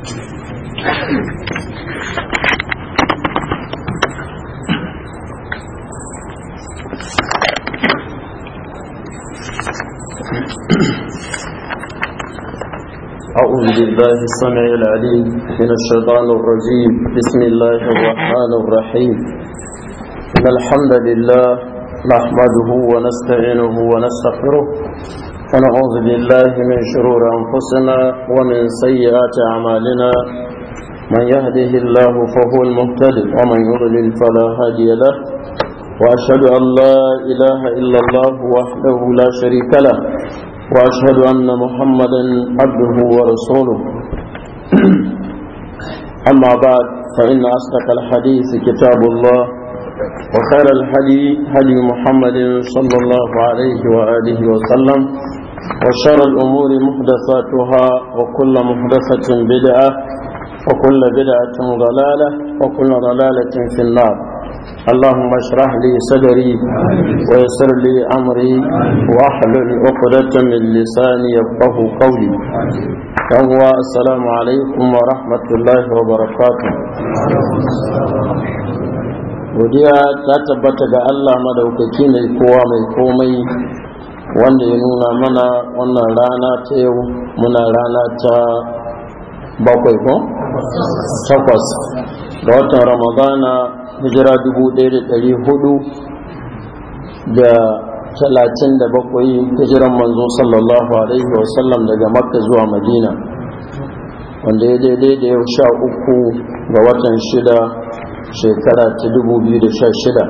أعوذ بالله السميع العليم من الشيطان الرجيم بسم الله الرحمن الرحيم إن الحمد لله نحمده ونستعينه ونستغفره ونعوذ بالله من شرور أنفسنا ومن سيئات أعمالنا من يهده الله فهو المهتد ومن يضلل فلا هادي له وأشهد أن لا إله إلا الله وحده لا شريك له وأشهد أن محمدا عبده ورسوله أما بعد فإن أصدق الحديث كتاب الله وخير الحديث هدي محمد صلى الله عليه وآله وسلم وشر الأمور محدثاتها وكل محدثة بدعة وكل بدعة ضلالة وكل ضلالة في النار اللهم اشرح لي صدري ويسر لي أمري واحلل عقدة من لساني يفقه قولي فهو السلام عليكم ورحمة الله وبركاته godiya ta tabbata ga Allah madaukaki mai kowa mai komai wanda ya nuna mana wannan rana ta yau muna rana ta bakwai ko? takwas Da watan ramadana hijira dubu ɗaya da ɗari hudu da talatin da bakwai hijiran manzo sallallahu alaihi wasallam daga makka zuwa madina wanda ya daidai da yau sha uku ga watan shida shekara ta dubu biyu da sha shida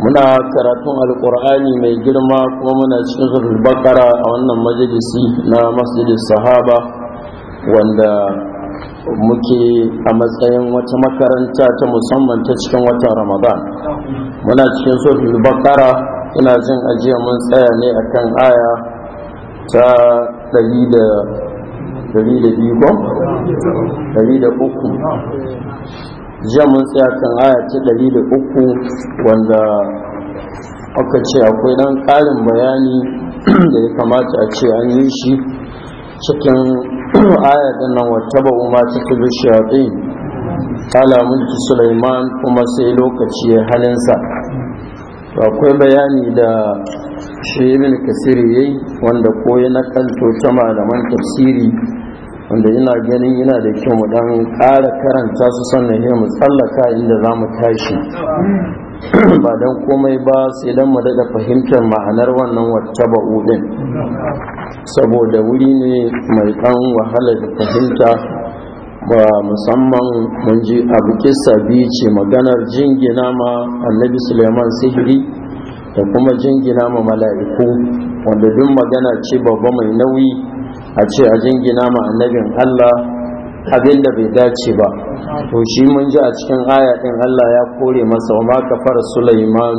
muna karatun alkur'ani mai girma kuma muna cikin bakara a wannan majalisi na masjidin sahaba wanda muke a matsayin wata makaranta ta musamman ta cikin watan ramadan muna cikin sofin bakara ina jin ajiya mun tsaya ne a kan aya ta 100 da biyu ko? da uku jiya mun tsaya kan aya ta ɗari da uku wanda aka ce akwai ɗan ƙarin bayani da ya kamata a ce an yi shi cikin aya da nan wata ba umar ta tudu shaɗi kala mulki suleiman kuma sai lokaci ya halinsa akwai bayani da shi ibn kasiri yayi wanda ko ya nakalto ta malaman tafsiri wanda ina ganin yana da kyau mu dan ƙara karanta su sannan ya mu tsallaka inda za mu tashi ba dan komai ba sai dan mu daɗa fahimtar ma'anar wannan wacce ba ɗin saboda wuri ne mai dan wahala da fahimta ba musamman mun ji abu kissa biyu ce maganar jingina ma annabi suleiman sihiri da kuma jingina ma mala'iku wanda duk magana ce babba mai nauyi a ce a jingina ma annabin Allah abin da bai dace ba to shi mun ji a cikin aya din Allah ya kore masa wa ma kafar Sulaiman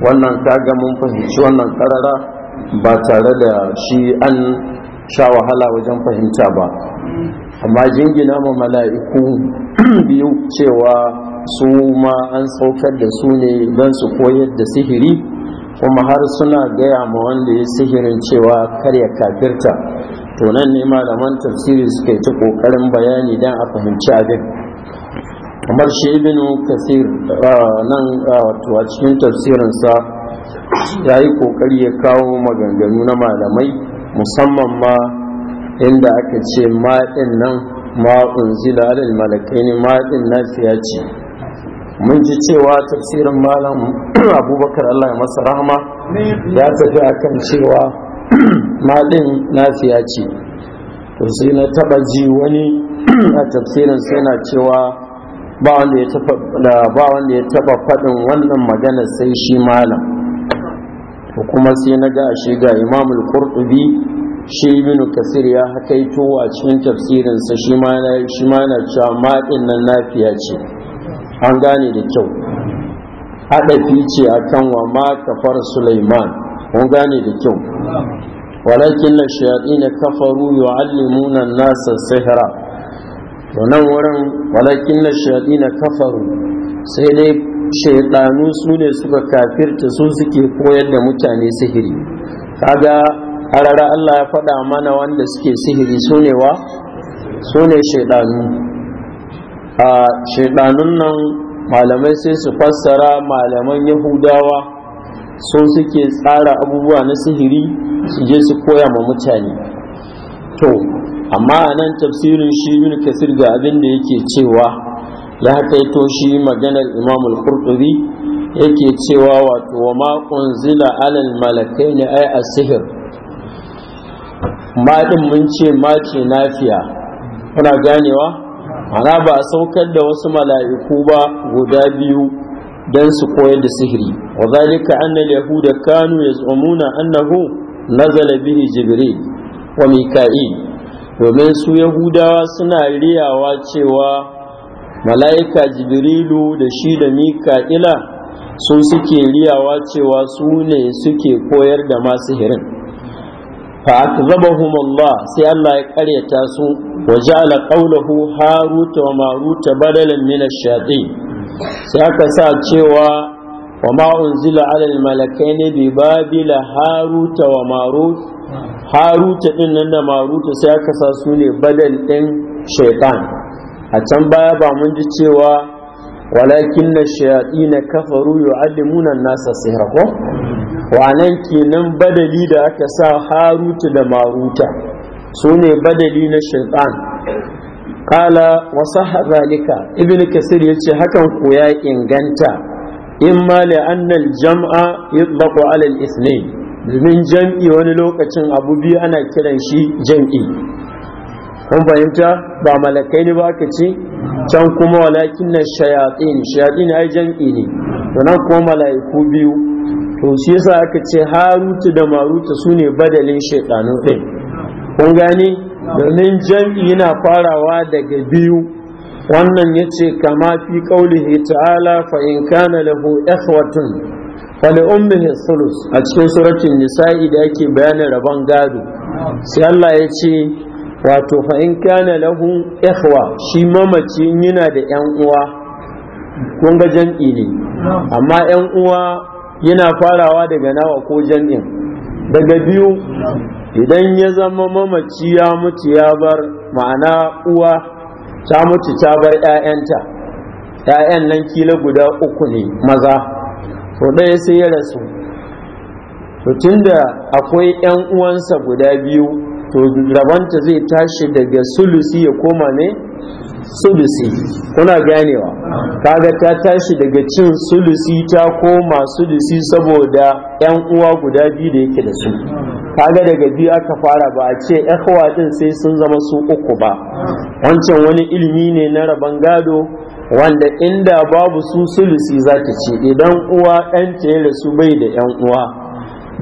wannan kaga mun fahimci wannan karara ba tare da shi an sha wahala wajen fahimta ba amma jingina ma mala'iku biyu cewa su ma an saukar da su ne don su koyar da sihiri kuma har suna gaya ma wanda ya sihirin cewa karya kafirta to nan ne malaman tafsiri suka yi ta kokarin bayani don a fahimci abin kamar shi ibn kasir nan wato a cikin tafsirinsa ya yi kokari ya kawo maganganu na malamai musamman ma inda aka ce ma'in nan ma'un zilalin malakai ne ma'in nasiya ce mun ji cewa tafsirin malam abubakar allah ya masa rahama ya tafi akan cewa malin nafiya ce to sai na taba ji wani a tafsirin sai na cewa ba wanda ya taba faɗin wannan magana sai shi malam to kuma sai na ga ashe ga imamul qurtubi shi ibn kasir ya hakaito a cikin tafsirin tafsirinsa shi ma na cewa maɗin nan nafiya ce an gane da kyau haɗa ce a kan wa makafar Suleiman an gane da kyau walakin na shayaɗi na kafaru yi wa nasa sihira Wannan nan wurin walakin na shayaɗi na kafaru sai dai shaiɗanu su ne suka kafirta su suke koyar da mutane sihiri kaga harara Allah ya faɗa mana wanda suke sihiri su ne wa su ne shaidanu a shaidanun nan malamai sai su fassara malaman yahudawa so suke tsara abubuwa na sihiri su je su koya ma mutane to amma a nan tafsirin shi ibn kasir ga abin da yake cewa ya taito shi maganar imam al-qurtubi yake cewa wato wa ma zila alal malakai ne ai a sihir? din mun ce ma ce nafiya kuna ganewa ana ba a saukar da wasu mala'iku ba guda biyu don su koyar da sihiri wa zalika anna yahuda kanu yaz'umuna annahu nazala bihi jibril wa mika'il domin su yahudawa suna riyawa cewa mala'ika jibrilu da shi da mika'ila sun suke riyawa cewa su ne suke koyar da masu hirin fa akzabahum Allah sai Allah ya karyata su wa ja'ala qawluhu haruta wa maruta badalan min ash-shayatin sai aka sa cewa wa ma unzila ala al-malakain bi babila haruta wa marut haruta din nan da maruta sai aka sa su ne badal din shaytan a can baya ba mun ji cewa walakin na na kafaru yu'allimuna nasa sihra ko wannan kenan badali da aka sa haruta da maruta sune badali na shaitan kala wasa zalika ibn kasir yace hakan ko ya inganta in ma annal jam'a yutlaqu ala al ithnayn domin jam'i wani lokacin abu biyu ana kiran shi jam'i kun fahimta ba malakai ne ba ka ce can kuma walakin na shayatsi ne shayatsi ne ai jam'i ne to nan kuma malaiku biyu to shi yasa aka ce harutu da maruta su ne badalin shaidanun ɗin kun gani domin jam'i yana farawa daga biyu wannan ya ce kama fi ƙaulihi ta'ala fa in kana lahu ikhwatun fa li ummihi a cikin suratul nisa'i da yake bayanin rabon gado sai Allah ya ce wato fa in kana lahu ikhwa shi mamaci yana da yan uwa kun ga ne amma yan uwa yana farawa daga nawa ko jam'in daga biyu idan ya zama mamaci ya mutu ya bar ma'ana uwa ta mutu ta bar 'ya'yanta ‘ya'yan nan kila guda uku ne maza to ɗaya sai ya rasu to tunda akwai ‘yan uwansa guda biyu to rabanta zai tashi daga sulusi ya koma ne sulusi kuna ganewa kaga ta tashi daga cin sulusi ta koma sulusi saboda yan uwa guda biyu da yake da su kaga daga biyu aka fara ba a ce ikhwa din sai sun zama su uku ba wancan wani ilimi ne na raban gado wanda inda babu su sulusi za ta ce idan uwa ɗanta ya rasu bai da yan uwa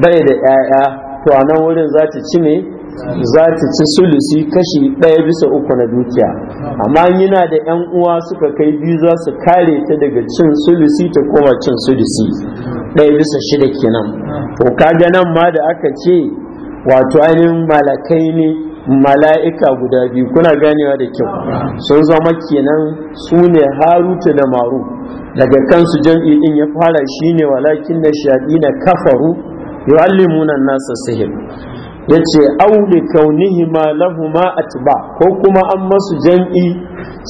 bai da 'ya'ya to a nan wurin za ta ci ne za ta ci sulusi kashi ɗaya bisa uku na dukiya amma yana da 'yan uwa suka kai biyu za su kare ta daga cin sulusi ta koma cin sulusi ɗaya bisa shida kenan to kaga nan ma da aka ce wato ainihin malakai ne mala'ika guda biyu kuna ganewa da kyau sun zama kenan su ne haruta da maru daga kansu jam'i din ya fara shine walakin da shaɗi na kafaru yu'allimuna nasa sihir ya ce auli kaunihima lahuma atba ko kuma an masu jam'i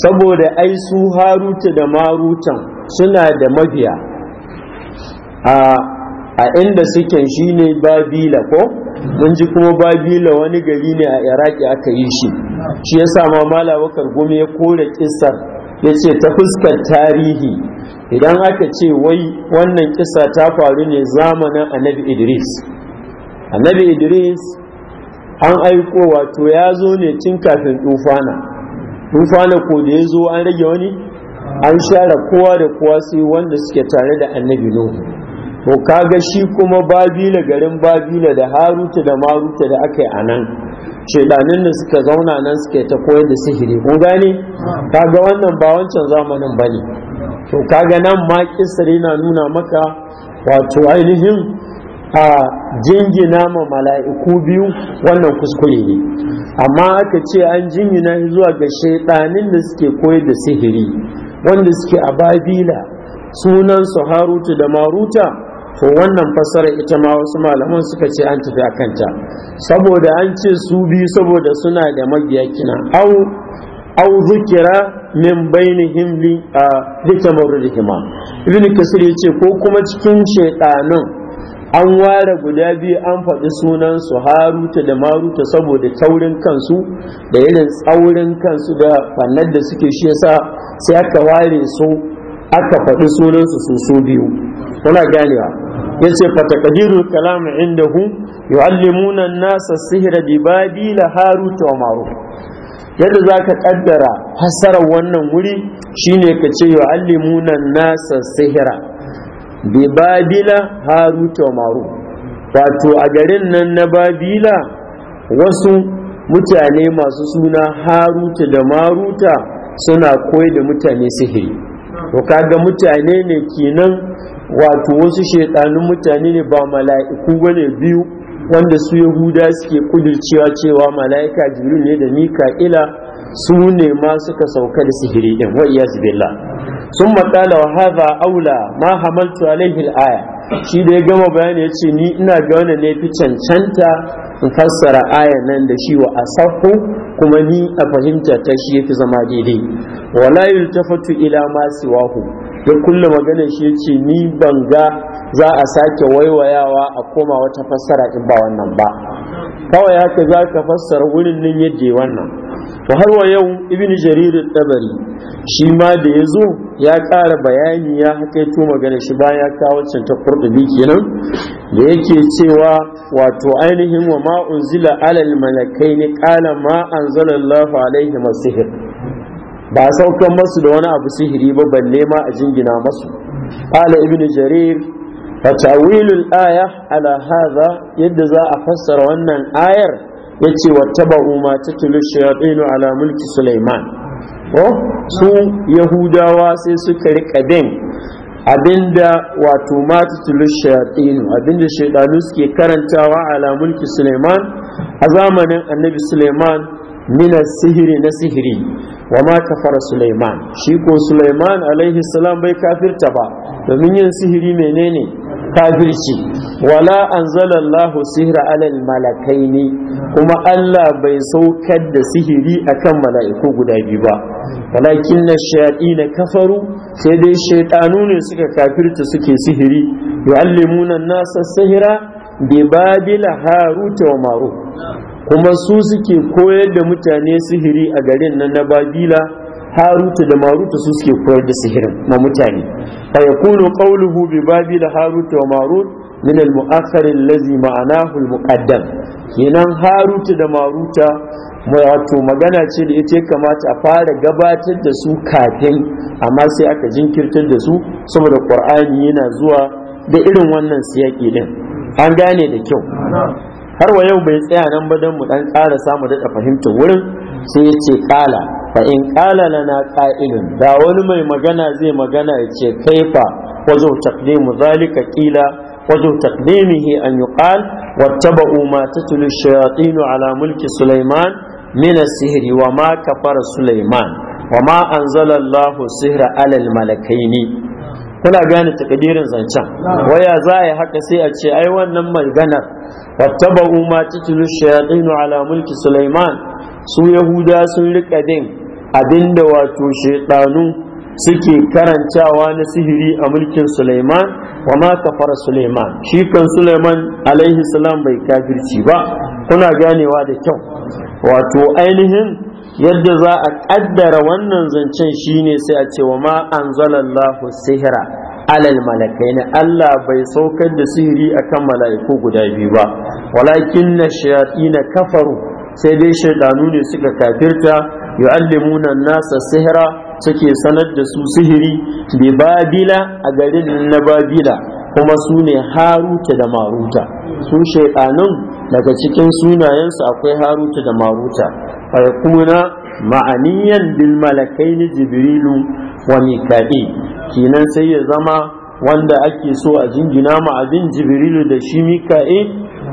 saboda ai su haruta da marutan suna da mabiya a inda suke shine babila ko mun ji kuma babila wani gari ne a iraki aka yi shi shi ya sa mamala wakar gome ya kore kisar ya ce ta fuskar tarihi idan aka ce wai wannan kisa ta faru ne zamanin annabi idris annabi idris an aiko wato ya zo ne tun kafin tufana tufana ko da ya zo an rage wani an share kowa da kowa sai wanda suke tare da annabi nuhu to kaga shi kuma babila garin babila da haruta da maruta da aka yi a nan shaidanin da suka zauna nan suke ta koyar da sihiri kun gane kaga wannan ba wancan zamanin ba bane to kaga nan ma kisri na nuna maka wato ainihin a jingina ma mala'iku biyu wannan kuskure ne amma aka ce an jingina zuwa ga shaidanin da suke koyar da sihiri wanda suke a babila sunan su haruta da maruta to wannan fasara ita ma wasu malaman suka ce an tafi a kanta, saboda an ce su biyu saboda suna da magiyakina, kina au au zikira min bainihim li a hikama ibn kasir yace ko kuma cikin shaytanin an ware guda biyu an faɗi sunan su haruta da maruta saboda taurin kansu da irin tsaurin kansu da fannar da suke shi yasa sai aka ware su aka faɗi sunan su su su biyu kuna ganewa yace fa kadiru kalam indahu yu'allimuna an-nasa sihra dibadi la haruta wa marut yadda zaka ka kaddara fasarar wannan wuri shine ka ce yu'allimuna an-nasa sihra bi babila haruta maru wato a garin nan na babila wasu mutane masu suna haruta da maruta suna koyi da mutane sihiri to kaga mutane ne kenan wato wasu shaidanun mutane ne ba mala'iku bane biyu wanda su yahuda suke kudircewa cewa mala'ika jibril ne da mika'ila su ne ma suka sauka da sihiri din wa iyaz billah sun matsala wa haza aula ma hamaltu alaihi aya shi da ya gama bayani ya ce ni ina ga wani ne fi cancanta in fassara aya nan da shi wa asahu kuma ni a fahimta ta shi yafi zama daidai wala yultafatu ila ma siwahu da kulle magana shi yace ni ban ga za a sake waiwayawa a koma wata fassara in ba wannan ba kawai haka za ka fassara wurin nan yadda wannan to har wa yau ibn jarir tabari shi ma da ya zo ya ƙara bayani ya hakaito magana shi bayan ya kawo can ta kenan da yake cewa wato ainihin wa ma unzila alal malakai ne qala ma anzalallahu alaihi masihir ba saukan masu da wani abu sihiri ba balle ma a jingina masu qala ibn jarir fatawilul aya ala hadha yadda za a fassara wannan ayar ya ce wata ba'u ma ta tulu ala mulki Sulaiman Ko oh, su Yahudawa sai suka rika bin abinda wato ma ta abinda shaiɗanu suke karantawa ala mulki Sulaiman a zamanin annabi Sulaiman mina sihiri na sihiri wa ma kafara Sulaiman shi ko Sulaiman alaihi salam bai kafirta ba domin yin sihiri menene kafirci wala anzalallahu ala alal malakaini kuma Allah bai saukar da sihiri akan mala'iku guda biyu ba walakin na shaɗi na kafaru sai dai shaiɗanu ne suka kafirta suke sihiri yu'allimuna nasa sihira bi babila haruta wa maruf kuma su suke koyar da mutane sihiri a garin nan na babila haruta da maruta su suke koyar da sihirin ma mutane fa yakunu qawluhu bi babila haruta wa marut من المؤخر الذي معناه المقدم kenan haruta da maruta wato magana ce da ita kamata a fara gabatar da su kafin amma sai aka jinkirtar da su saboda qur'ani yana zuwa da irin wannan siyaki din an gane da kyau har wa yau bai tsaya nan ba dan mu dan ƙara samu da fahimtar wurin sai ya ce ƙala. fa in ƙala lana qa'ilun da wani mai magana zai magana ya ce kaifa wazo taqdimu zalika qila وجه تقديمه أن يقال واتبعوا ما تتلو الشياطين على ملك سليمان من السهر وما كفر سليمان وما أنزل الله السهر على الملكين kuna gane takadirin zancen waya za a yi haka sai a ce ai wannan mai ganar wattaba umma titulu shayatinu ala mulki sulaiman su yahuda sun rika din abinda wato shaidanu suke karantawa na sihiri a mulkin Sulaiman wa ma kafara Sulaiman shi kan Sulaiman alaihi salam bai kafirci ba kuna ganewa da kyau wato ainihin yadda za a kaddara wannan zancen shine sai a ce wa ma anzalallahu sihira alal malakai Allah bai saukar da sihiri akan mala'iku guda biyu ba walakin na shayatina kafaru sai dai shaidanu ne suka kafirta yu'allimuna nasa sihira suke sanar da su sihiri da babila a garin na babila kuma su ne haruta da maruta su shaiɗanun daga cikin sunayensu akwai haruta da maruta faikuna ma'aniyan bil malakai ni jibrilu wa mika'i kenan sai ya zama wanda ake so a jingina ma abin jibrilu da shi Mika'i?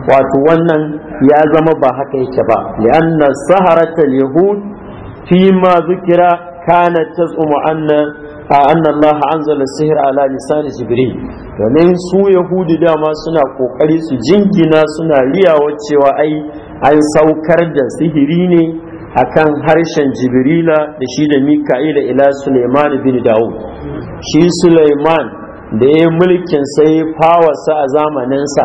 wato wannan ya zama ba haka yake ba li'anna saharatal yahud fi ma zukira kanat tazumu anna anna Allah anzala sihr ala lisan jibril domin su yahudi dama suna kokari su jingina suna riyawa cewa ai an saukar da sihiri ne kan harshen jibrila da shi da mika'ila ila suleiman bin daud shi suleiman da ya mulkin sai fawarsa a zamaninsa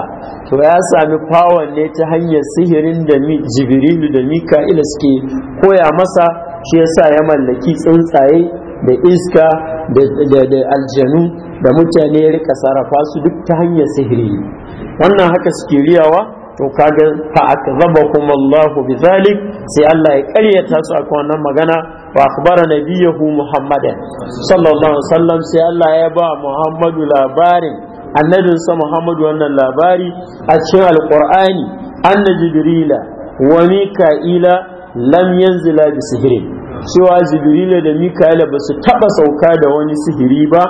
to ya sami fawar ne ta hanyar sihirin da da mika'ila suke koya masa shi ya sa ya mallaki tsuntsaye da iska da aljanu da mutane ya rika sarrafa su duk ta hanyar sihiri wannan haka suke riyawa to kaga fa akzabakum Allahu bizalik sai Allah ya karyata su akan wannan magana wa akhbara nabiyahu Muhammadan sallallahu alaihi wasallam sai Allah ya ba Muhammadu labarin annabin sa Muhammadu wannan labari a cikin alqur'ani anna jibrila wa mika'ila lam yanzila bisihrin cewa jibrila da mikaela ba su taba sauka da wani sihiri ba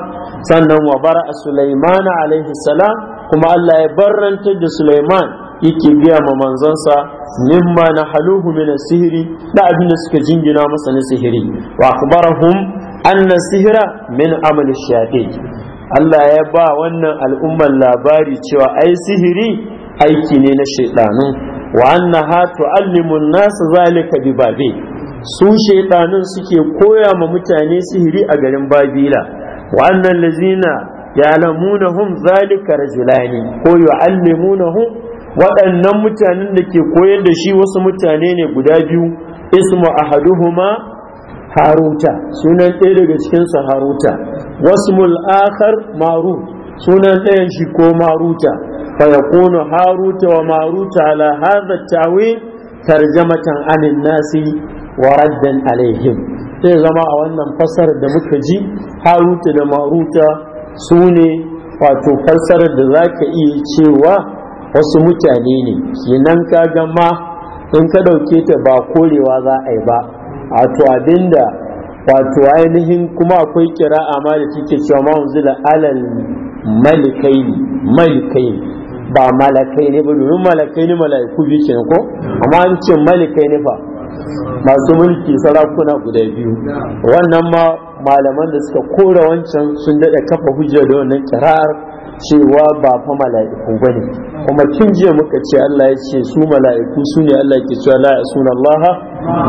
sannan wa bara a sulaiman alaihi salam kuma allah ya barrantar da sulaiman yake biya ma manzansa mimma na haluhu min sihiri da abin da suka jingina masa na sihiri wa akbarahum anna sihira min amal shayatin allah ya ba wannan al'ummar labari cewa ai sihiri aiki ne na shaidanu wa annaha tu'allimu an-nas zalika bi su shaiɗanun suke koya ma mutane sihiri a garin babila wa'annan lazina ya'lamunahum zalika rajulani ko hun waɗannan mutanen da ke koyar da shi wasu mutane ne guda biyu ismu ahaduhuma haruta sunan ɗaya daga cikinsu haruta wasu mul'akar Maru sunan ɗayan shi ko maruta fa haruta wa maruta ala hadha tawil tarjamatan anin nasi wa raddan alaihim sai zama a wannan fasar da muka ji haruta da maruta su ne wato fassarar da za ka iya cewa wasu mutane ne kenan ka gama in ka ɗauke ta ba korewa za a yi ba wato abinda wato ainihin kuma akwai kira ma da take cewa ma'unzila alal malikai malikai ba malakai ne ba domin malakai ne mala'iku biyu ko amma an ce malikai ne fa masu mulki sarakuna guda biyu wannan ma malaman da suka kora wancan sun daɗa kafa hujjar da wannan kirar cewa ba fa mala'iku ba ne kuma tun jiya muka ce Allah ya ce su mala'iku su ne Allah ke cewa la yasuna Allah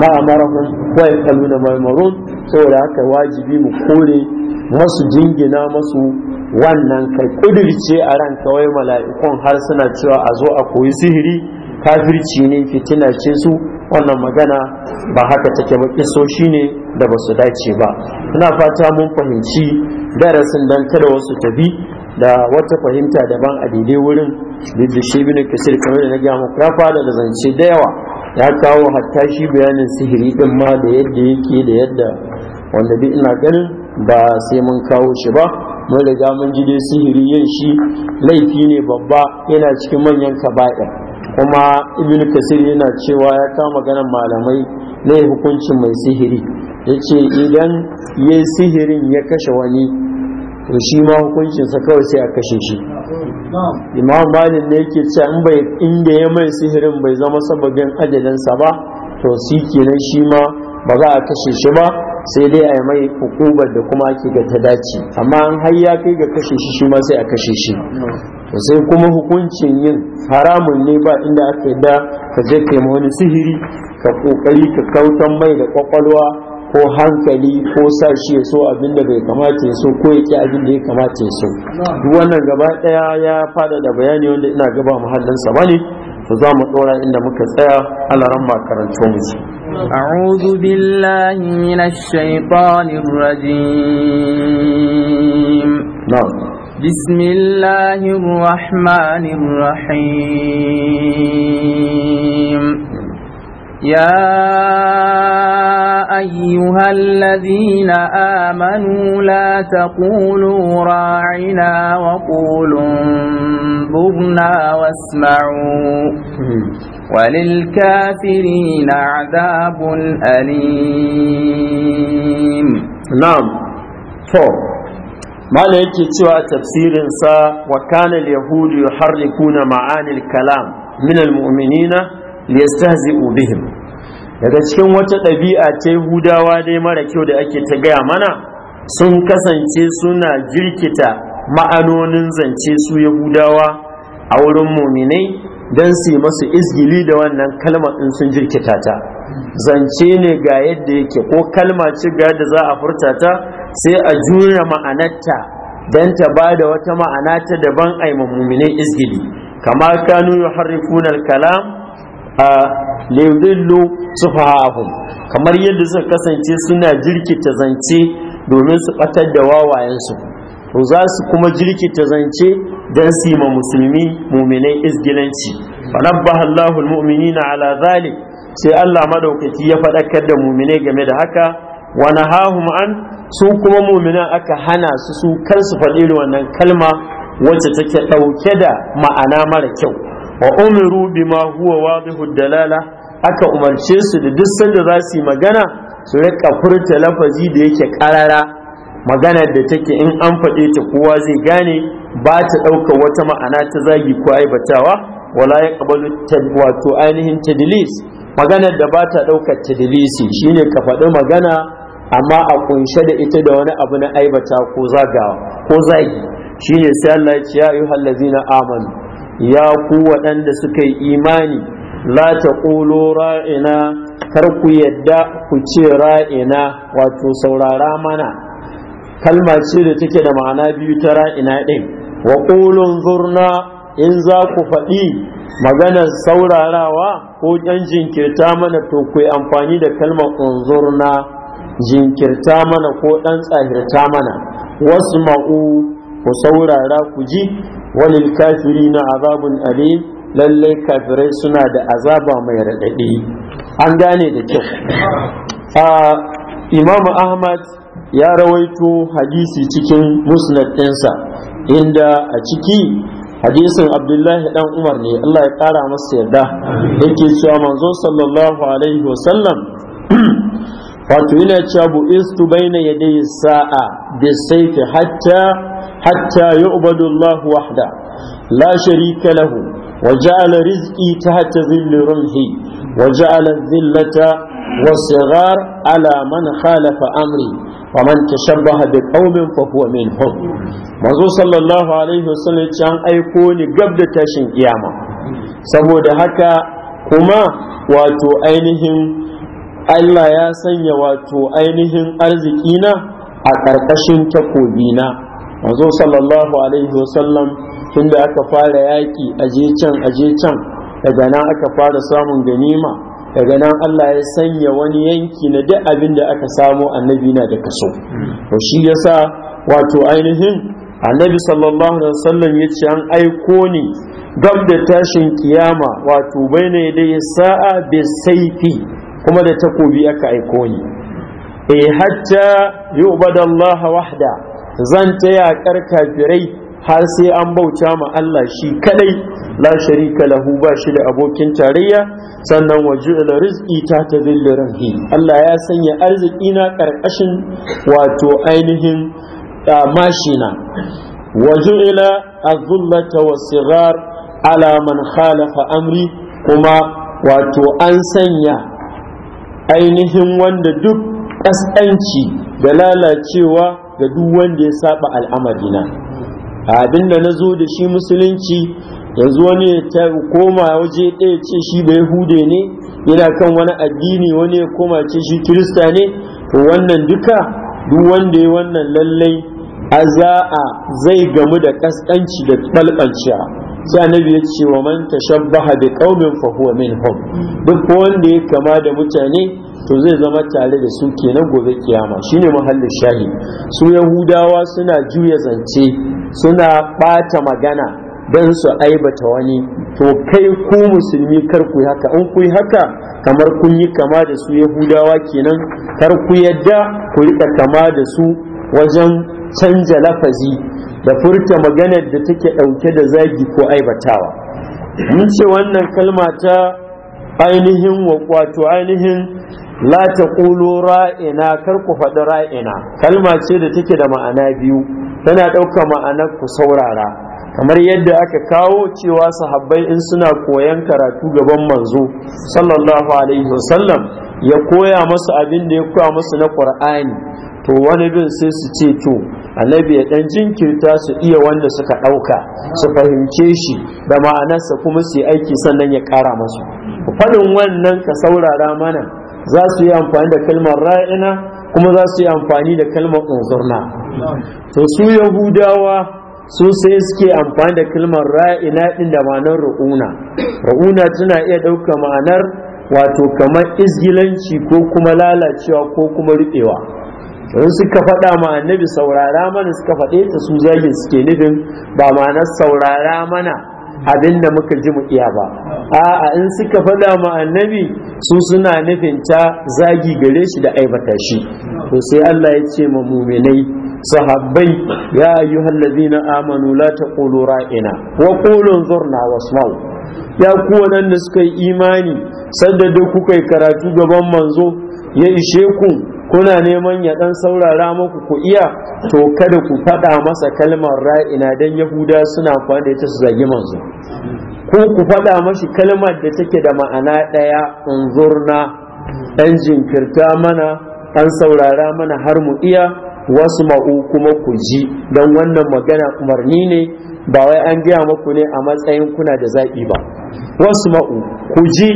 ma amarahum wa yaquluna ma yamurun saboda haka wajibi mu kore masu jingina masu wannan kai kudirce a ran kawai mala'ikun har suna cewa a zo a koyi sihiri kafirci ne fitina ce su wannan magana ba haka take ba kisoshi ne da ba su dace ba ina fata mun fahimci darasin dan kada wasu tabi da wata fahimta daban a daidai wurin shi bin kasir kamar da na gaya muku ya fara da zance da yawa ya kawo hatta shi bayanin sihiri din ma da yadda yake da yadda wanda duk ina ganin ba sai mun kawo shi ba mun riga mun ji dai sihiri yin shi laifi ne babba yana cikin manyan kaba'ir kuma ibn kasir yana cewa ya kama maganar malamai na hukuncin mai sihiri ya ce idan ya sihirin ya kashe wani to shi ma hukuncinsa kawai sai a kashe shi imam malin ne yake ce in bai inda ya mai sihirin bai zama sababin ajalinsa ba to shi kenan shi ma ba za a kashe shi ba sai dai a yi mai hukubar da kuma ake ga ta dace amma an har ya kai ga kashe shi shi ma sai a kashe shi to sai kuma hukuncin yin haramun ne ba inda aka yi da ka je ka ma wani sihiri ka kokari ka kautan mai da kwakwalwa ko hankali ko sa shi ya so abin da bai kamata ya so ko ya ki abin da ya kamata ya so duk wannan gaba daya ya fada da bayani wanda ina gaba muhallin sa bane to za mu dora inda muka tsaya Allah ran ma karanto mu a'udhu billahi minash shaitanir rajim na'am بسم الله الرحمن الرحيم يا أيها الذين آمنوا لا تقولوا راعنا وقولوا انظرنا واسمعوا وللكافرين عذاب أليم نعم فور mana yake cewa tafsirin sa wa kana al-yahudu yuharrikuna ma'ani al-kalam min al-mu'minina liyastahzi'u bihim daga cikin wata ɗabi'a ta Yahudawa dai mara kyau da ake ta gaya mana sun kasance suna jirkita ma'anonin zance su Yahudawa a wurin muminai don su yi masu izgili da wannan kalmar in sun jirkita ta zance ne ga yadda yake ko kalma ce ga yadda za a furta ta sai a jura ma'anarta don ta ba da wata ma'ana ta daban a mummunai izgili kama kanu yi al-kalam a su fahafun kamar yadda suka kasance suna jirkita zance domin su batar da wawayensu to za su kuma jirkita zance don su yi ma musulmi muminai izgilanci fanabbaha Allahu almu'minina ala zalik sai Allah madaukaki ya faɗakar da muminai game da haka wa nahahum an su kuma mu'minan aka hana su su kansu faɗi wannan kalma wacce take ɗauke da ma'ana mara kyau wa umiru bima huwa wadihu dalala aka umarce su da duk sanda za su yi magana su rika furta lafazi da yake karara magana da take in an faɗe ta kowa zai gane ba ta ɗauka wata ma'ana ta zagi ko aibatawa wala ya ƙabalu wato ainihin tadlis maganar da ba ta ɗaukar tadlisi shine ka faɗi magana amma a kunshe da ita da wani abu na aibata ko zagawa ko zagi shine sai Allah ya ce ya ayyuhal ladzina amanu ya ku waɗanda suka yi imani la taqulu ra'ina kar ku yadda ku ce ra'ina wato saurara mana kalma ce da take da ma'ana biyu ta ra'ina ɗin wa qulun zurna in za ku faɗi maganar saurarawa ko ɗan jinkirta mana to ku yi amfani da kalmar unzurna jinkirta mana ko ɗan tsahirta mana wasu ma'u ku saurara ku ji wani kafiri na azabun ale lallai kafirai suna da azaba mai raɗaɗi an gane da kyau a imamu ahmad ya rawaito hadisi cikin musnad ɗinsa inda a ciki hadisin abdullahi dan umar ne allah ya ƙara masa yarda yake cewa manzo sallallahu alaihi wasallam wato yana cewa bu istu baina yadayi sa'a bi sayfi hatta hatta yu'badu Allah wahda la sharika lahu wa ja'ala rizqi tahta rumhi wa ja'ala dhillata wa sighar ala man khalafa amri wa man tashabbaha bi qaumin fa huwa minhum manzo sallallahu alaihi wasallam ya aiko ni gab da tashin ƙiyama. saboda haka kuma wato ainihin Allah ya sanya wato ainihin arzikina a ƙarƙashin takobina Wanzo sallallahu alaihi wasallam tun da aka fara yaƙi je can je can daga nan aka fara samun ganima daga nan Allah ya sanya wani yanki na duk abin da aka samo annabi na da kaso to shi yasa wato ainihin annabi sallallahu alaihi wasallam ya ce an aiko ni gab da tashin kiyama wato bai ne da sa'a bi saifi kuma da takobi aka aiko ni eh hatta yu'bada Allah wahda zan ta yaƙar kafirai har sai an bauta ma Allah shi kadai la sharika lahu ba shi da abokin tarayya sannan waju'ila rizqi ta tadillu rahi Allah ya sanya arziki na karkashin wato ainihin mashina waju'ila az-zullata was-sighar ala man khalafa amri kuma wato an sanya ainihin wanda duk ƙasƙanci da lalacewa ga duk wanda ya saba al'amarina abin da na zo da shi musulunci yanzu wani ya koma waje ɗaya ce shi bai yahude ne yana kan wani addini wani ya koma ce shi kirista ne to wannan duka duk wanda ya wannan lallai a za'a zai gamu da ƙasƙanci da balbanciya sai annabi ya ce wa man tashabbaha bi qaumin fa huwa minhum duk wanda ya kama da mutane to zai zama tare da su kenan gobe kiyama shine mahallin shahi su yahudawa suna juya zance suna bata magana dan su aibata wani to kai ku musulmi kar ku haka in ku haka kamar kun yi kama da su yahudawa kenan kar ku yadda ku rika kama da su wajen canja lafazi da furta maganar da take ɗauke da zagi ko aibatawa mun ce wannan kalma ta ainihin wato ainihin la ta ra'ina kar ku faɗi ra'ina kalma ce da take da ma'ana biyu tana ɗauka ma'anar ku saurara kamar yadda aka kawo cewa sahabbai in suna koyan karatu gaban manzo sallallahu alaihi wasallam ya koya masu abin da ya koya masu na ƙur'ani to wani bin sai su ce to annabi ya dan jinkirta su iya wanda suka ɗauka su fahimce shi da ma'anarsa kuma su yi aiki sannan ya kara masu faɗin wannan ka saurara mana za su yi amfani da kalmar ra'ina kuma za su yi amfani da kalmar unzurna to su yahudawa su sai suke amfani da kalmar ra'ina din da ma'anar ru'una ru'una tana iya ɗauka ma'anar wato kamar izgilanci ko kuma lalacewa ko kuma riɓewa in suka faɗa ma annabi saurara mana suka faɗe ta su zagin suke nufin ba ma'ana saurara mana abin da muka ji mu iya ba a'a in suka faɗa ma annabi su suna nufin ta zagi gare shi da aibata shi to sai Allah ya ce ma muminai sahabbai ya ayyuhal ladina amanu la taqulu ra'ina wa qulu zurna wasma'u ya ku da suka yi imani sanda duk kuka yi karatu gaban manzo ya ishe ku kuna neman ya dan saurara muku ku iya to kada ku faɗa masa kalmar ra'ina dan yahuda suna kwanda da ita su zagi manzo ko ku faɗa mashi kalmar da take da ma'ana ɗaya unzurna dan jinkirta mana an saurara mana har mu iya wasu ma'u kuma ku ji don wannan magana umarni ne ba wai an gaya muku ne a matsayin kuna da zaɓi ba wasu ma'u ku ji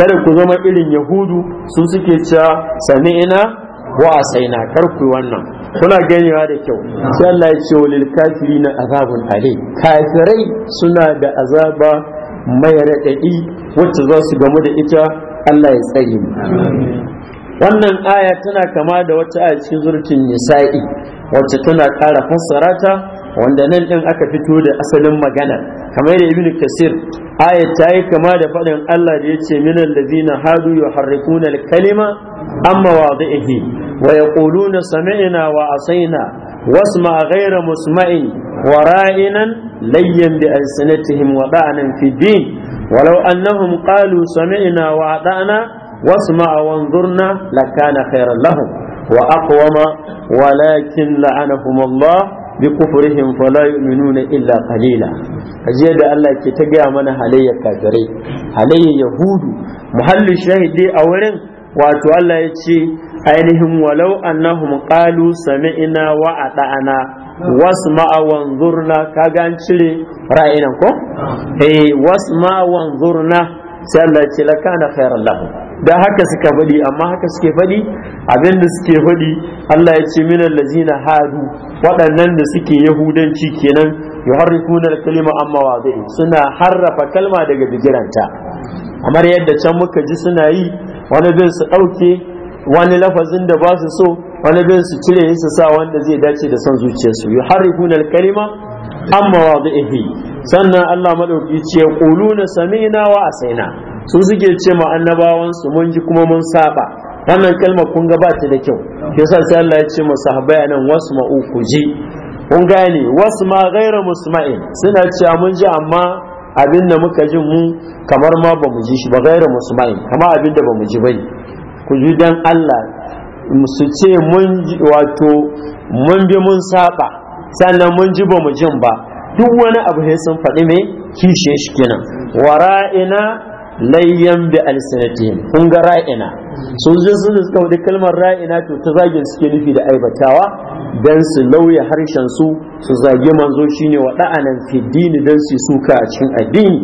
kada ku zama irin yahudu su suke cewa ina? wa asaina kar karku wannan kuna ganewa da kyau sai Allah ya ce walil kafirina azabun alai kafirai suna da azaba mai raɗaɗi wacce za su gamu da ita Allah ya tsare mu wannan aya tana kama da wata aya cikin zurtin nisa'i wacce tana ƙara fassarata, wanda nan ɗin aka fito da asalin magana kamar da ibn kasir aya ta yi kama da faɗin Allah da ya ce minal ladina hadu yuharrikuna al-kalima amma wadihi wa yaquluna sami'na wa asaina wasma ghayra musma'in wa ra'inan layyan bi alsinatihim wa da'nan fi din walau annahum qalu sami'na wa ata'na wasma wanzurna lakana khayran lahum wa aqwama walakin la'anahum Allah bi kufrihim fala yu'minuna illa qalila kaje da Allah ke ta gaya mana halayyar kafirai halayyar yahudu muhallu shahidi a wurin wato Allah ya ce ainihin walau annahum qalu sami'na wa ata'ana wasma'a wanzurna kaga an cire ko eh wasma'a wanzurna sai Allah ya ce lakana khairan lahum da haka suka faɗi amma haka suke faɗi abinda suke faɗi Allah ya ce minal lazina hadu waɗannan da suke yahudanci kenan yuharrifuna al-kalima amma wadi suna harrafa kalma daga bijiranta kamar yadda can muka ji suna yi wani bin su ɗauke wani lafazin da ba su so wani bin su cire su sa wanda zai dace da son zuciyarsu yi Har harifun alkalima amma wa ihi sannan Allah maɗauki ce ƙulu na Saminawa wa saina su suke ce ma annabawansu mun ji kuma mun saba wannan kalmar kun ga ta da kyau sa sai Allah ya ce mu a nan wasu ma'u ku ji kun gane wasu ma gaira musma'in suna cewa mun ji amma abin da muka ji mu kamar ma ba mu ji shi ba gaira musulmai kamar abin da ba mu ji ba ku ji dan Allah su ce mun wato mun bi mun saba sannan mun ji ba mu jin ba duk wani abu sai sun faɗi mai kishe shi kenan wara'ina layyan bi alsinatihim kun ga ra'ina sun ji sun suka kalmar ra'ina to ta zagin suke nufi da aibatawa dan su lauya harshen su su zagi manzo shine wa da'anan fi dini dan su suka a cikin addini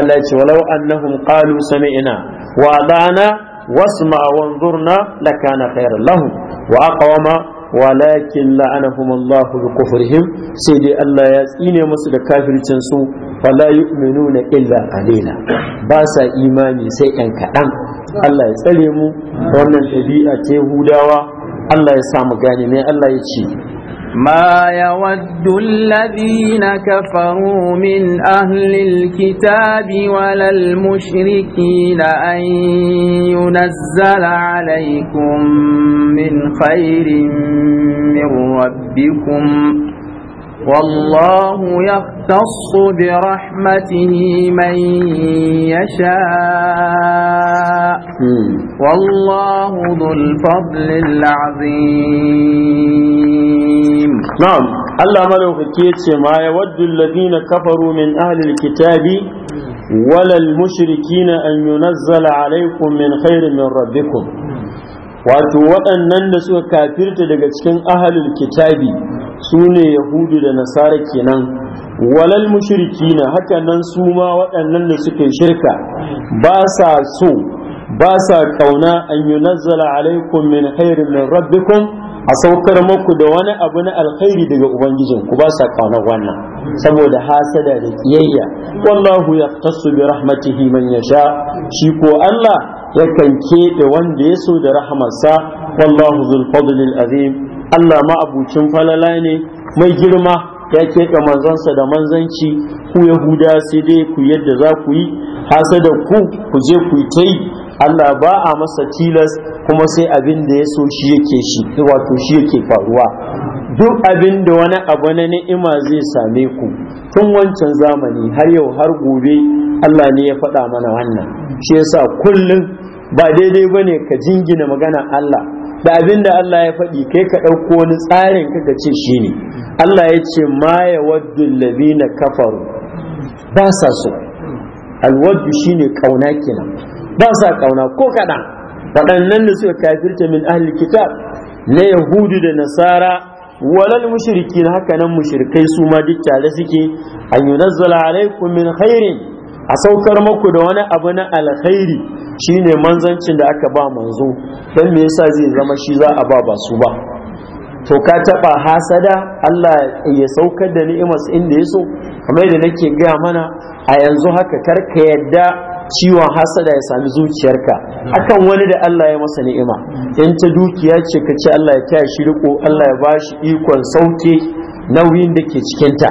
Allah ya ce walau annahum qalu sami'na wa adana wasma wanzurna lakana khairan lahum wa aqwama walakin la'anahum Allah bi kufrihim sai dai Allah ya tsine musu da kafircin su fala yu'minuna illa qalila ba sa imani sai yan kadan Allah ya tsare mu wannan ɗabi'a ce Yahudawa Allah ya samu gane mai Allah ya ce ما يود الذين كفروا من أهل الكتاب ولا المشركين أن ينزل عليكم من خير من ربكم والله يختص برحمته من يشاء والله ذو الفضل العظيم نعم الله ملوك كيتي ما يود الذين كفروا من أهل الكتاب ولا المشركين أن ينزل عليكم من خير من ربكم wato waɗannan da suka kafirta daga cikin ahalul kitabi su ne yahudu da nasara kenan walal mushrikina haka nan su ma waɗannan da suke shirka ba sa so ba sa kauna an nazzala alaikum min khairin min rabbikum a saukar muku da wani abu na alkhairi daga ubangijin ku ba sa kauna wannan saboda hasada da kiyayya wallahu yaqtasu bi rahmatihi man yasha shi ko Allah yakan kebe wanda ya so da rahamarsa wallahu zul fadlil azim Allah ma abucin falala ne mai girma ya keɓe manzansa da manzanci ku yahuda sai dai ku yadda za ku yi da ku ku je ku yi ta yi Allah ba a masa tilas kuma sai abin da ya so shi yake shi wato shi yake faruwa duk abin da wani abu na ni'ima zai same ku tun wancan zamani har yau har gobe Allah ne ya faɗa mana wannan shi yasa kullum ba daidai bane ka jingina magana Allah da abin da Allah ya faɗi kai ka ɗauko wani tsarin ka ce shi ne Allah ya ce ma ya waddu na kafaru ba sa so alwaddu shi ne ƙauna kenan ba sa ƙauna ko kaɗan waɗannan da suka kafirta min ahli kitab na yahudu da nasara walal mushrikin haka nan mushrikai su ma duk tare suke an yunazzala alaikum min khairin a saukar maku da wani abu na alkhairi shine manzancin da aka ba manzo don me yasa zai zama shi za a ba ba su ba to ka taba hasada Allah ya saukar da ni'imas inda ya so kamar da nake gaya mana a yanzu haka karka yadda ciwon hasada ya sami zuciyarka akan wani da Allah ya masa ni'ima in ta dukiya ce ka ce Allah ya taya shi riko Allah ya bashi ikon sauke nauyin da ke cikinta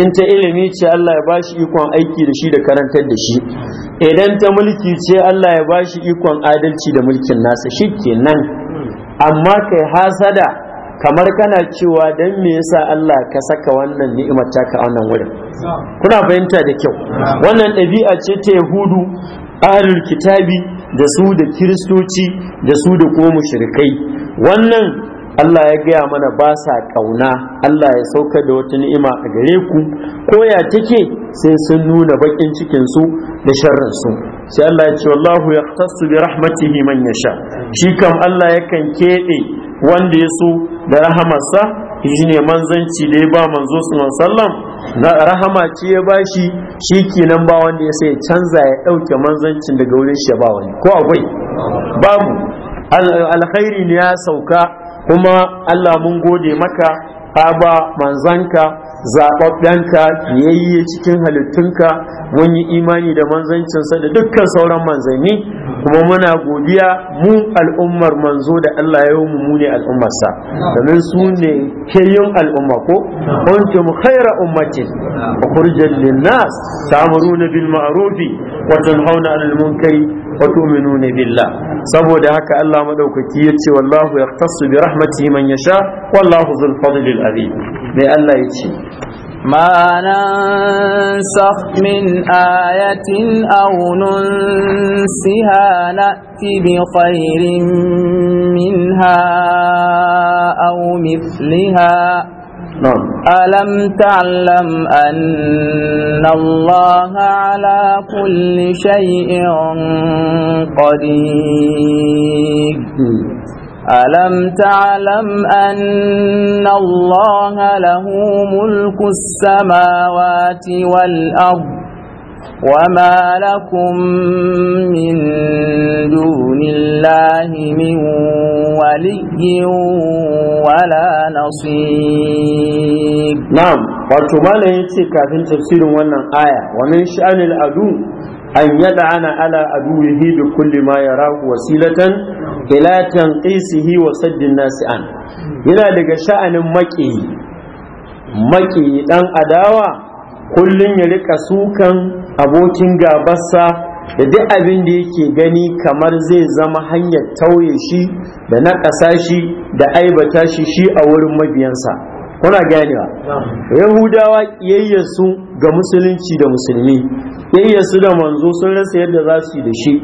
in ta ilimi ce Allah ya bashi ikon aiki da shi da karantar da shi idan ta mulki ce Allah ya bashi ikon adalci da mulkin nasa shi kenan amma kai hasada kamar kana cewa dan me yasa Allah ka saka wannan ni'imar taka a wannan wurin kuna fahimta da kyau wannan ɗabi'a ce ta yahudu ahlul kitabi da su da kiristoci da su da kuma mushrikai wannan Allah ya gaya mana ba sa ƙauna Allah ya sauka da wata ni'ima a gare ku ko ya take sai sun nuna baƙin cikinsu da sharrinsu sai Allah ya ce wallahu ya bi rahmatihi man yasha shi kam Allah yakan keɗe wanda ya so da rahamarsa shi ne manzanci da ya ba manzo sallam na rahama ce ya bashi shi kenan ba wanda ya sai canza ya ɗauke manzancin daga wurin shi ba wani ko akwai babu alkhairi ne ya sauka kuma Allah mun gode maka ka ba manzanka zaɓaɓɓenka yayye cikin halittunka mun yi imani da manzancinsa da dukkan sauran manzanni kuma muna godiya mu al'ummar manzo da Allah ya mu mu mune al'ummarsa domin su ne keyin al'umma ko kuntum khaira ummatin ukhrijat lin nas ta'muruna bil ma'ruf wa tanhauna 'anil munkari wa tu'minuna billah saboda haka Allah ya ce wallahu yahtassu bi rahmatihi man yasha wallahu dhul fadli azim dai Allah yace ما ننسخ من آية أو ننسها نأتي بخير منها أو مثلها نعم ألم تعلم أن الله على كل شيء قدير ألم تعلم أن الله له ملك السماوات والأرض وما لكم من دون الله من ولي ولا نصير نعم قلت وتمال يتيك في تفسير وانا آية ومن شأن الأدو أن يدعنا على أدوه بكل ما يراه وسيلة إلى تنقيسه وسد الناس عنه إلى daga sha'anin maƙiyi maƙiyi ɗan adawa kullum ya rika sukan abokin gabarsa da duk abin da yake gani kamar zai zama hanyar tauye shi da na shi da aibata shi shi a wurin mabiyansa kuna ganewa yahudawa yayyasu ga musulunci da musulmi yayyasu da manzo sun rasa yadda za su yi da shi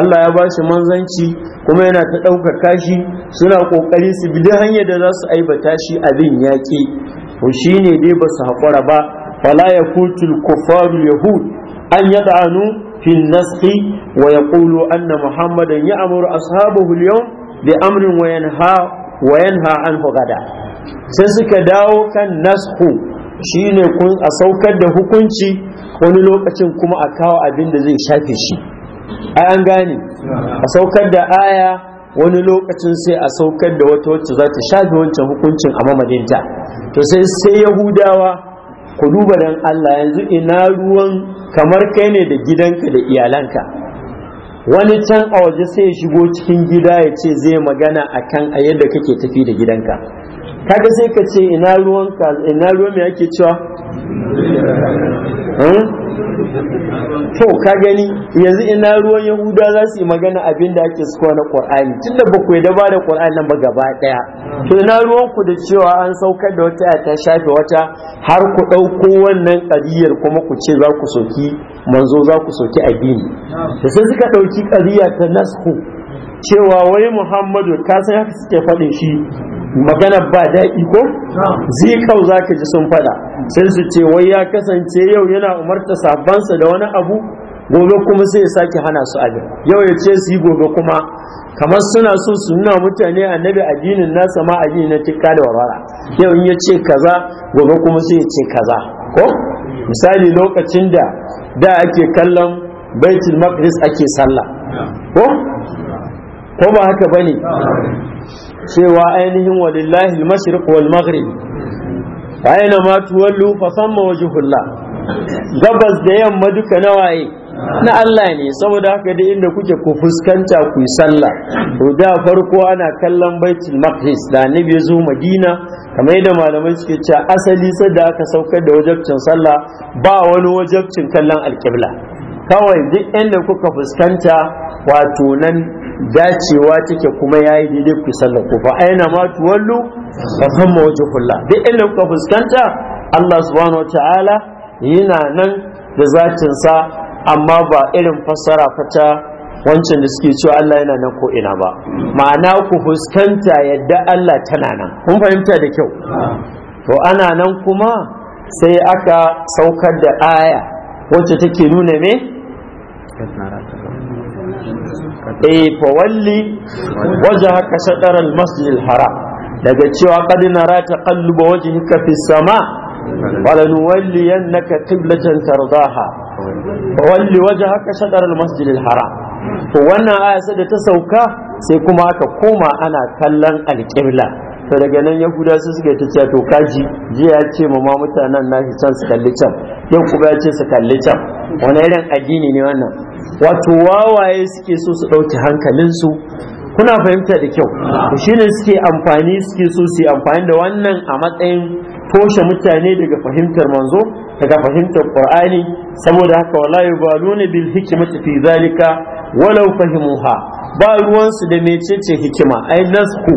Allah ya ba shi manzanci kuma yana ta ɗaukaka shi suna ƙoƙari su bi duk hanyar da za su aibata shi abin yaƙi to shine dai ba su haƙura ba Bala yakutul kuffarul yahud an yad'anu في النسخ ويقول أن محمدا يأمر أصحابه اليوم بأمر وينهى وينهى عنه غدا سنسك داو كان نسخ shine kun a saukar da hukunci wani lokacin kuma a kawo abin da zai shafe shi ai an a saukar da aya wani lokacin sai a saukar da wata wacce za ta shafe wancan hukuncin a mamadinta to sai sai yahudawa ku duba dan Allah yanzu ina ruwan kamar kai ne da gidanka da iyalanka wani can a waje sai ya shigo cikin gida ya ce zai magana akan a yadda kake tafi da gidanka kaga sai ka ce ina ruwan ina ruwan me ake cewa Hmm? to ka gani yanzu ina ruwan yahuda za su yi magana abin da ake suka na qur'ani tunda ba ku da ba da ƙwar'ani nan ba gaba ɗaya. to ina ruwan ku da cewa an saukar da wata ta shafe wata har ku ɗauko wannan ƙariyar kuma ku ce za ku soki manzo za ku soki addini da sai suka ɗauki ƙariya ta nasku cewa wai muhammadu ka san haka suke faɗin shi magana ba daɗi ko zikau za ka ji sun faɗa? sai su ce wai ya kasance yau yana umarta sabansa da wani abu gobe kuma sai ya sake hana su abin yau ya ce su yi gobe kuma kamar suna so su nuna mutane annabi addinin nasa ma addini na tikka da warwara yau in ya ce kaza gobe kuma sai ya ce kaza ko misali lokacin da da ake kallon baitul maqdis ake sallah ko ko ba haka bane cewa ainihin walillahi al-mashriq wal maghrib aina ma tuwallu fa samma wajhullah gabas da yamma duka na waye? na Allah ne saboda haka da inda kuke ku fuskanta ku yi sallah to da farko ana kallon baitul maqdis da annabi ya zo madina kamar yadda malamai suke cewa asali sai da aka saukar da wajabcin sallah ba wani wajabcin kallon alqibla kawai duk inda kuka fuskanta wato nan dacewa take kuma ya yi daidai ku sallar ku aina ma tuwallu fa kamma wajhullah duk inda kuka fuskanta Allah subhanahu Ta'ala, yana nan da zatin sa amma ba irin fassara fata wancan da suke cewa Allah yana nan ko ina ba ma'ana ku fuskanta yadda Allah tana nan kun fahimta da kyau to ana nan kuma sai aka saukar da aya wacce take nuna me eh fa walli wajhaka shatr al masjid al haram daga cewa qad nara taqalluba wajhika fi sama wala nuwalliyannaka qiblatan tardaha fa walli wajhaka sadar al masjid al haram to wannan aya sai da ta sauka sai kuma aka koma ana kallon alqibla to daga nan yahuda su suke ta to kaji jiya ya ce ma mutanen nashi can su kalli can yau kuma ya ce su kalli can wani irin addini ne wannan wato wawaye suke so su ɗauki hankalinsu kuna fahimta da kyau shine suke amfani suke so su amfani da wannan a matsayin toshe mutane daga fahimtar manzo daga fahimtar qur'ani saboda haka wala yubaluna bil hikmati fi zalika walau fahimuha ba ruwansu da mecece hikima ai nasku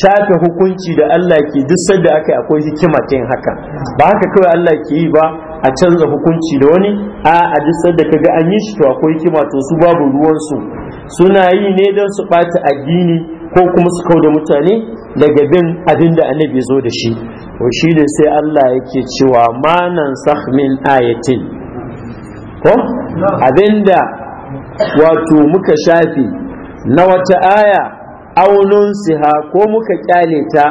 shafe hukunci da Allah ke duk da aka akwai hikima ta yin haka ba haka kawai Allah ke yi ba a canza hukunci da wani a a duk da kaga an yi shi to akwai kima to su babu ruwan su, suna yi ne don su ɓata addini ko kuma su kau da mutane daga bin abin da annabi zo da shi to shi ne sai Allah yake cewa manan sahmin ayatin ko abinda wato muka shafi na wata aya aunun siha ko muka kyale ta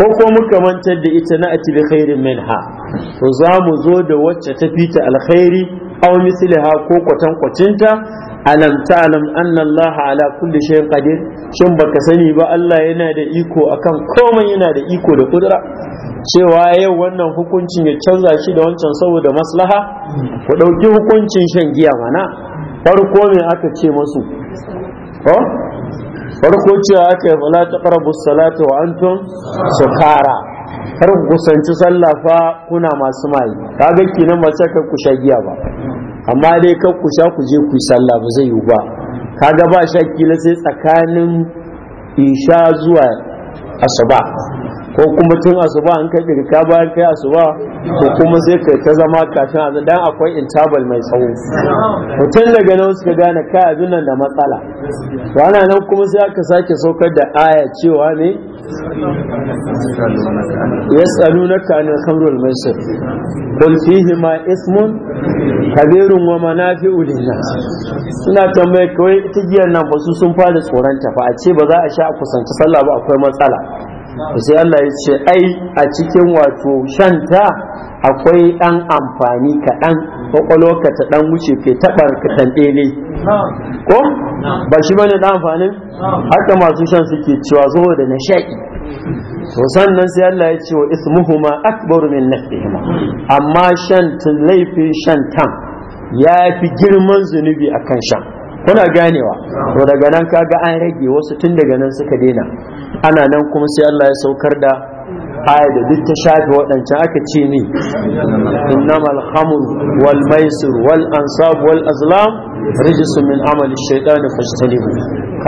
ko ko muka mantar da ita na atibi khairin minha to za mu zo da wacce ta fi ta alkhairi aw misliha ko kwatan kwacinta alam ta'lam anna Allah ala kulli shay'in qadir shin baka sani ba Allah yana da iko akan komai yana da iko da kudura cewa yau wannan hukuncin ya canza shi da wancan saboda maslaha ku dauki hukuncin shan giya mana farko me aka ce masu farko cewa aka yi fala taqrabu salatu wa antum sukara kar ku kusanci sallah kuna masu ka kaga kinan ba sai kar ku sha giya ba amma dai kar ku sha ku je ku yi sallah ba zai yiwu ba ka ga ba shakki sai tsakanin isha zuwa asuba ko kuma tun asuba an kai ka bayan kai asuba ko kuma sai kai ta zama kafin azan dan akwai intabal mai tsawo mutum daga nan suka gane kai abin nan da matsala na nan kuma sai aka sake saukar da aya cewa ne yas'alunaka anil khamri wal maisir qul fihi ma ismun kabirun wa manafi'u lin-nas suna tambaye kawai ita giyar nan ba su sun fara tsoron ta fa a ce ba za a sha a kusanci sallah ba akwai matsala sai Allah ya ce ai a cikin wato shanta akwai ɗan amfani kaɗan kwakwalwarka ta ɗan wuce ke taɓar ka tanɗe ne ko ba shi bane ɗan amfani? haka masu shan suke cewa zo da nasha'i to sannan sai Allah ya ce wa ismuhuma akbaru min nafihima amma shan laifin shan tan ya fi girman zunubi akan shan kuna ganewa to daga nan kaga an rage wasu tun daga nan suka daina ana nan kuma sai Allah ya saukar da aya da duk ta shafe waɗancan aka ce ni innamal khamr wal maisir wal ansab wal azlam rijsun min amali shaitani fashtalibu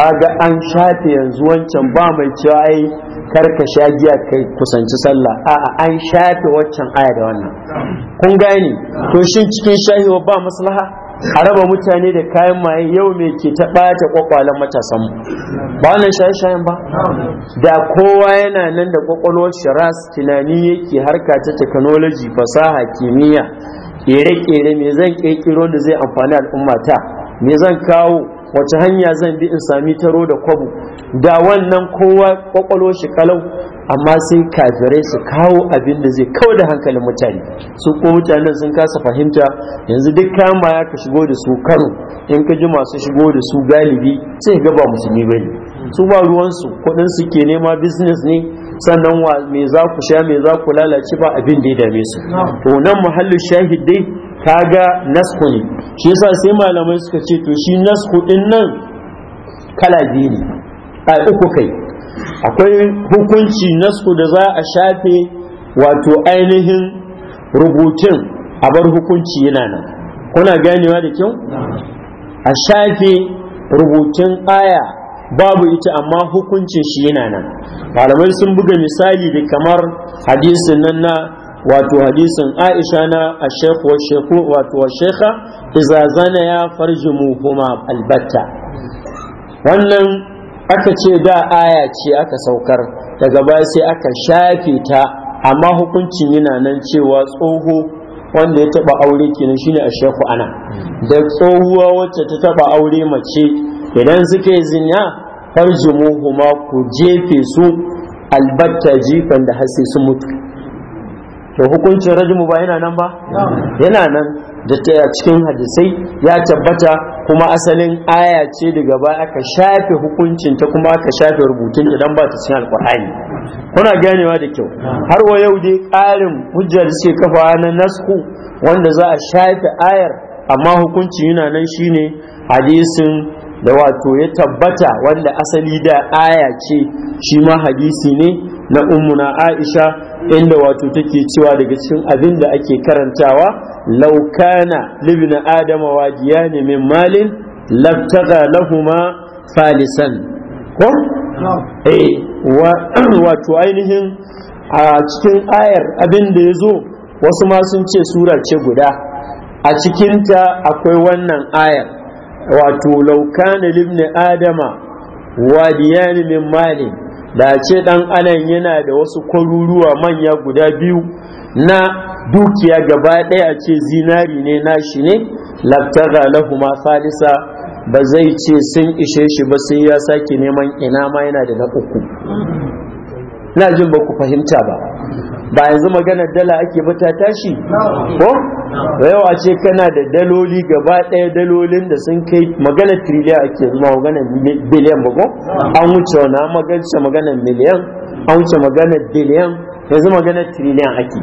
kaga an shafe yanzu wancan ba mai cewa ai karka sha giya kai kusanci sallah a'a an shafe wancan aya da wannan kun gane to shin cikin shahiwa ba maslaha a raba mutane da kayan maye yau me ke ta ɓata kwakwalen matasan ba wannan shaye-shayen ba da kowa yana nan da kwakwalwar shiras tunani yake harka ta technology fasaha kimiyya kere-kere me zan kirkiro da zai amfani al'ummata me zan kawo wace hanya zan bi in sami taro da kwabo da wannan kowa kwakwalo shi kalau amma sai kafirai su kawo abin da zai kawo da hankalin mutane su ko mutanen sun kasa fahimta yanzu duk kama ya ka shigo da su kano in ka ji masu shigo da su galibi sai ga ba musulmi bane su ba ruwansu kuɗin su ke nema business ne sannan wa me za ku sha me za ku lalace ba abin da ya dame su to nan muhallin shahid dai kaga nasku ne shi yasa sai malamai suka ce to shi nasku din nan kala biyu ne a uku kai akwai hukunci nasku da za a shafe wato ainihin rubutun a bar hukunci yana nan kuna ganewa da kyau a shafe rubutun aya babu ita amma hukuncin shi yana nan malamai sun buga misali da kamar hadisin nan na wato hadisin aisha na a shekhu wa wato wa shekha iza zana ya farji kuma albatta wannan aka ce da aya ce aka saukar daga baya sai aka shafe ta amma hukuncin yana nan cewa tsoho wanda ya taba aure kenan shine a sheku ana da tsohuwa wacce ta taba aure mace idan suka yi zinya kuma ku jefe su albatta jifan da hasi su mutu to hukuncin rajimu ba yana nan ba yana nan da ta cikin hadisai ya tabbata kuma asalin aya ce daga baya aka shafe hukuncin ta kuma aka shafe rubutun idan ba ta cikin alkur'ani kuna ganewa da kyau har wa yau dai ƙarin hujjar suke kafa na nasku wanda za a shafe ayar amma hukuncin yana nan shine hadisin da wato ya tabbata wanda asali da aya ce shi ma hadisi ne na ummuna aisha inda wato take cewa daga cikin abin da ake karantawa laukana libna adama wajiya min malin labtaga lahuma falisan ko? eh wato ainihin a cikin ayar abin da ya zo wasu ma sun ce sura ce guda a cikinta akwai wannan ayar wato laukana libna adama wadiyan min malin da ce dan anan yana da wasu kwaruruwa manya guda biyu na dukiya gaba ɗaya ce zinari ne shi ne labtara lahuma salisa ba zai ce sun ishe shi ba sai ya sake neman ina ma yana da na uku na jin ba ku fahimta ba ba yanzu magana dala ake ba tashi ko yau a ce kana da daloli gaba ɗaya dalolin da sun kai magana triliya ake zuma magana biliyan ba ko an wuce wani an magance magana miliyan an wuce magana biliyan yanzu magana triliyan ake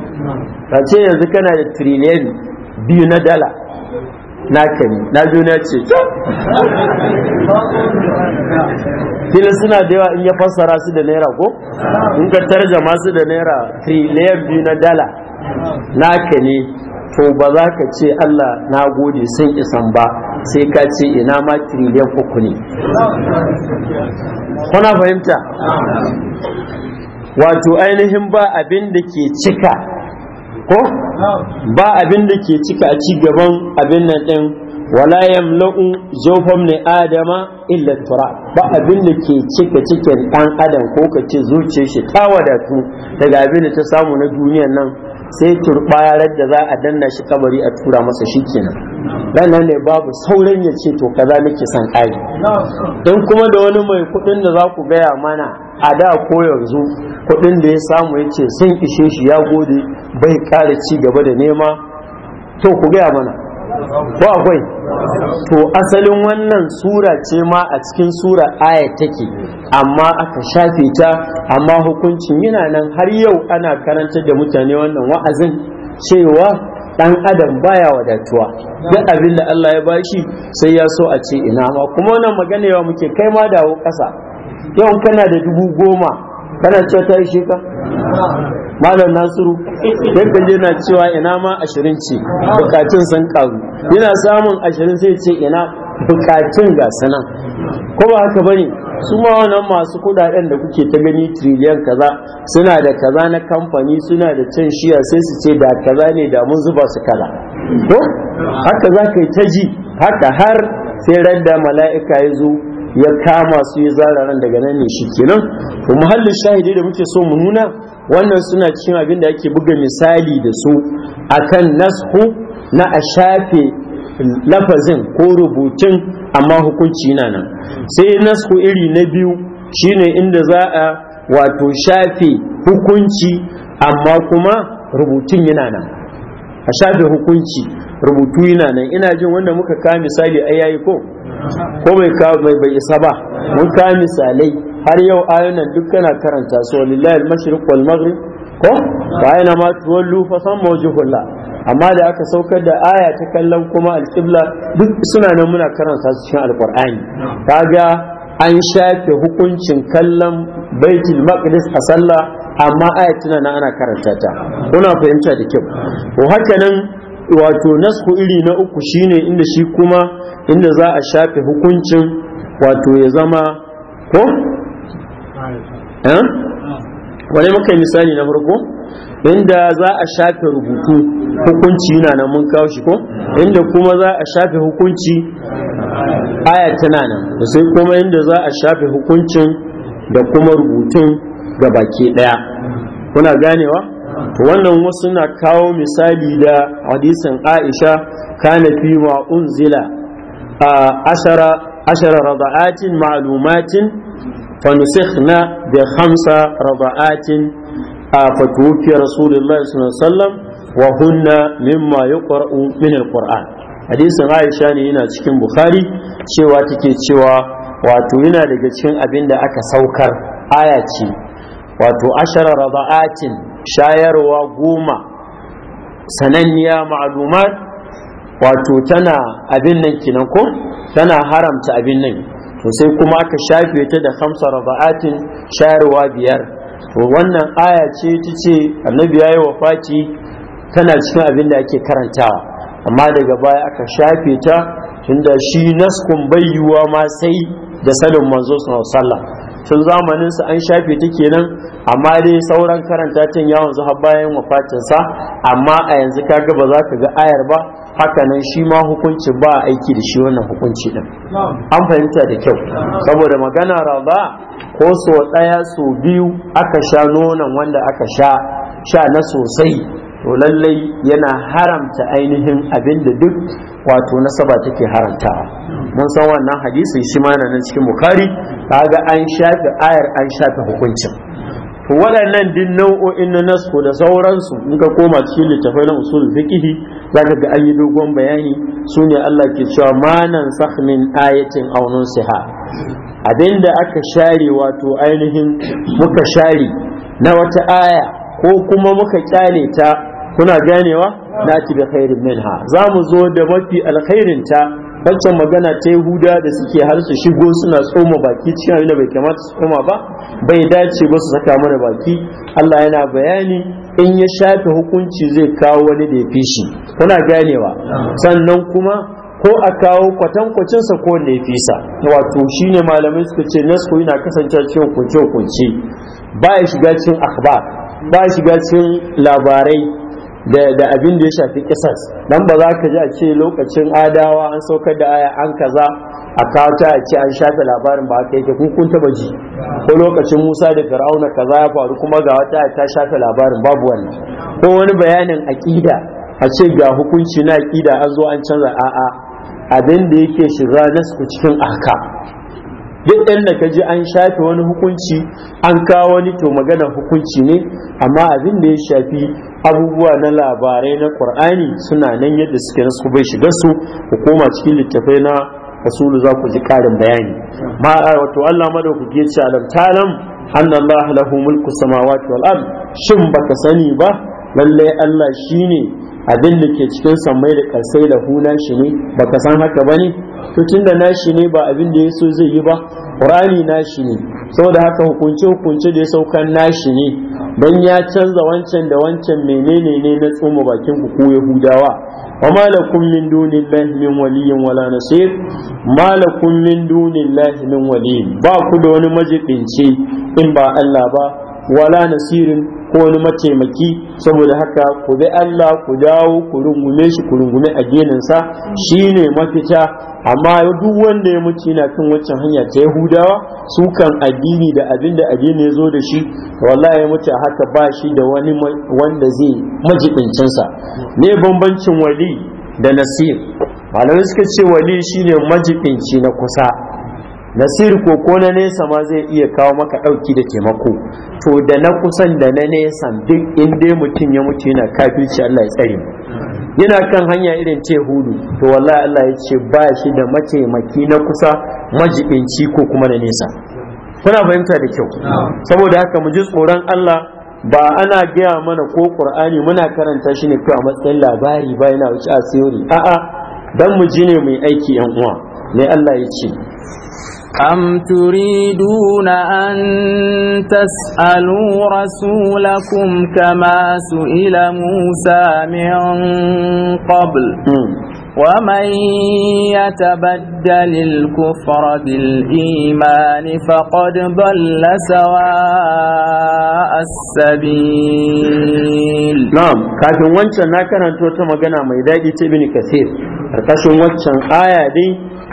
a ce yanzu kana da triliyan biyu na dala Na kani na juna ce filin suna da yawa in ya fassara su da naira ko in ka tarjama su da naira triliyan biyu na dala Na ne to ba za ka ce Allah na gode sun isan ba sai ka ce ina ma triliyan uku ne kuna fahimta wato ainihin ba abin da ke cika ko ba abin da ke cika a ci gaban abin nan din wala yamlu zawfam ne adama illa tura ba abin da ke cika cikin dan adam ko ka ce zuciyar shi ta wadatu daga abin da ta samu na duniyar nan sai turbarar da za a danna shi kabari a tura masa shi kenan nan ne babu sauran ya ce to kaza nake son kai don kuma da wani mai kuɗin da za ku gaya mana a da ko yanzu kuɗin da ya samu ya ce sun ishe shi ya gode bai ƙara ci gaba da nema to ku gaya mana ko akwai to asalin wannan sura ce ma a cikin sura aya take amma aka shafe ta amma hukuncin yana nan har yau ana karanta da mutane wannan wa'azin cewa dan adam baya wadatuwa duk abin da Allah ya bashi sai ya so a ce ina ma kuma wannan magana yawa muke kai ma dawo ƙasa yau kana da dubu goma kana cewa ta yi ka malam nasiru yadda yana cewa ina ma ashirin ce bukatun sun karu yana samun ashirin sai ce ina bukatun ga sanan ko ba haka bane su ma wannan masu kudaden da kuke ta gani triliyan kaza suna da kaza na kamfani suna da can shiya sai su ce da kaza ne da mun zuba su kaza ko haka za ka yi ta ji haka har sai radda mala'ika ya zo ya kama su yi zararen daga nan ne shi kenan to muhallin shahidi da muke so mu nuna wannan suna cikin abin da ake buga misali da su akan nashu na a shafe lafazin ko rubutun amma hukunci na nan sai nashu iri na biyu shine inda za a wato shafe hukunci amma kuma rubutun yana nan a shafe hukunci rubutu yana nan ina jin wanda muka kawo misali a yayi ko ko bai bai isa ba mun ka misalai har yau ayunan duk kana karanta su lillahi al-mashriq wal maghrib ko bayan ma tuwallu fa san mawjihullah amma da aka saukar da aya ta kallon kuma al-qibla duk suna nan muna karanta su cikin al-qur'ani kaga an shafe hukuncin kallon baitul maqdis a sallah amma aya tana nan ana karanta ta kuna fahimta da kyau Ko haka nan wato nasku iri na uku shine inda shi kuma inda za a shafe hukuncin wato ya zama ko? wane muka yi misali na farko inda za a shafe rubutu hukunci yana nan mun kawo shi ko inda kuma za a shafe hukunci aya tana nan sai kuma inda za a shafe hukuncin da kuma rubutun ga baki daya kuna ganewa wannan wasu na kawo misali da hadisin aisha kana fi ma unzila a ashara ashara rada'atin ma'lumatin fa nusikhna bi khamsa rada'atin a fatuwufi rasulullahi sallallahu Sallam, wa hunna mimma yuqra'u min alquran hadisin aisha ne yana cikin bukhari cewa take cewa wato yana daga cikin abin da aka saukar aya ce wato ashara rada'atin shayarwa goma sananniya ma'alumat wato tana abin nan kinan ko tana haramta abin nan to sai kuma aka shafe ta da hamsa raba'atin shayarwa biyar to wannan aya ce ta ce annabi ya yi wafati tana cikin abin da ake karantawa amma daga baya aka shafe ta tunda shi naskun bayyuwa ma sai da salon manzo sallallahu tun zamanin sa an shafe ta kenan amma dai sauran karanta can ya wanzu har bayan wafatinsa amma a yanzu kaga ba za ka ga ayar ba haka nan shi ma hukunci ba aiki da shi wannan hukunci din an fahimta da kyau saboda magana raba ko so ɗaya so biyu aka sha nonon wanda aka sha sha na sosai to lallai yana haramta ainihin abin da duk wato nasaba take haramtawa mun san wannan hadisi shi ma nan cikin bukari kaga an shafe ayar an shafe hukuncin to waɗannan din nau'o'in na nasko da sauransu in ka koma cikin littafai na usul fiqhi zaka ga an yi dogon bayani su ne Allah ke cewa manan sahmin ayatin aw siha abinda aka share wato ainihin muka share na wata aya ko kuma muka kyale ta kuna ganewa na bi khairin minha zamu zo da mafi alkhairin ta waccan magana ta huda da suke har su shigo suna tsoma baki cikin abin da bai kamata su tsoma ba bai dace ba su saka mana baki Allah yana bayani in ya shafe hukunci zai kawo wani da ya fi shi kuna ganewa sannan kuma ko a kawo kwatankwacinsa sa ko wanda ya fi sa wato shine malamai suka ce nasko yana kasancewa cikin hukunce hukunce ba ya shiga cikin akhbar ba ya shiga cikin labarai da abin da ya shafi kisas nan ba za ka ji a ce lokacin adawa an saukar da aya an kaza a kawata a ce an shafe labarin ba aka yake kun taba ji ko lokacin musa da fir'auna kaza ya faru kuma ga wata ta shafe labarin babu wani ko wani bayanin aƙida a ce ga hukunci na aƙida an zo an canza a'a abin da yake shiga nasku cikin aka duk ɗan ka ji an shafe wani hukunci an kawo wani to magana hukunci ne amma abin da ya shafi abubuwa na labarai na ƙur'ani suna nan yadda suke nasu bai shiga su hukuma cikin littafai na rasulu za ku ji ƙarin bayani ma wato Allah madaukaki ya ce alam talam anna Allah lahu mulku samawati wal ard shin baka sani ba Lallai Allah shine abin da ke cikin samai da karsai da huna shi ne ka san haka ba ne? to tunda nashi ne ba abin da ya so zai yi ba Ƙur'ani nashi ne saboda haka hukunce hukunce da ya saukan nashi ne Don ya canza wancan da wancan menene ne na tsoma bakin ku ko yahudawa wa lakum min dunillahi min waliyin wala nasir ma min dunillahi min waliyin ba ku da wani majibinci in ba Allah ba wala nasirin ko wani mataimaki saboda haka ku bi Allah ku dawo ku rungume shi ku rungume a addininsa shine mafita amma duk wanda ya mutu yana kan waccan hanya ta Yahudawa su kan addini da abinda da addini ya zo da shi wallahi ya mutu haka ba shi da wani wanda zai majibincinsa ne bambancin wali da nasir malamai suka ce wali shine majibinci na kusa nasir ko ko na nesa ma zai iya kawo maka ɗauki da taimako to da na kusan da na nesan duk inda mutum ya mutu yana kafirci Allah ya tsare yana kan hanya irin ce hudu to wallahi Allah ya ce ba shi da mataimaki na kusa majibinci ko kuma na nesa kuna fahimta da kyau saboda haka mu ji tsoron Allah ba ana gaya mana ko qur'ani muna karanta shi ne to a matsayin labari ba yana wuce a a'a dan mu ji ne mai aiki yan uwa ne Allah ya ce أم تريدون أن تسألوا رسولكم كما سئل موسى من قبل ومن يتبدل الكفر بالإيمان فقد ضل سواء السبيل نعم كافي وانشان ناكنا توتما قنا ميدادي تبني كثير كافي وانشان آية دي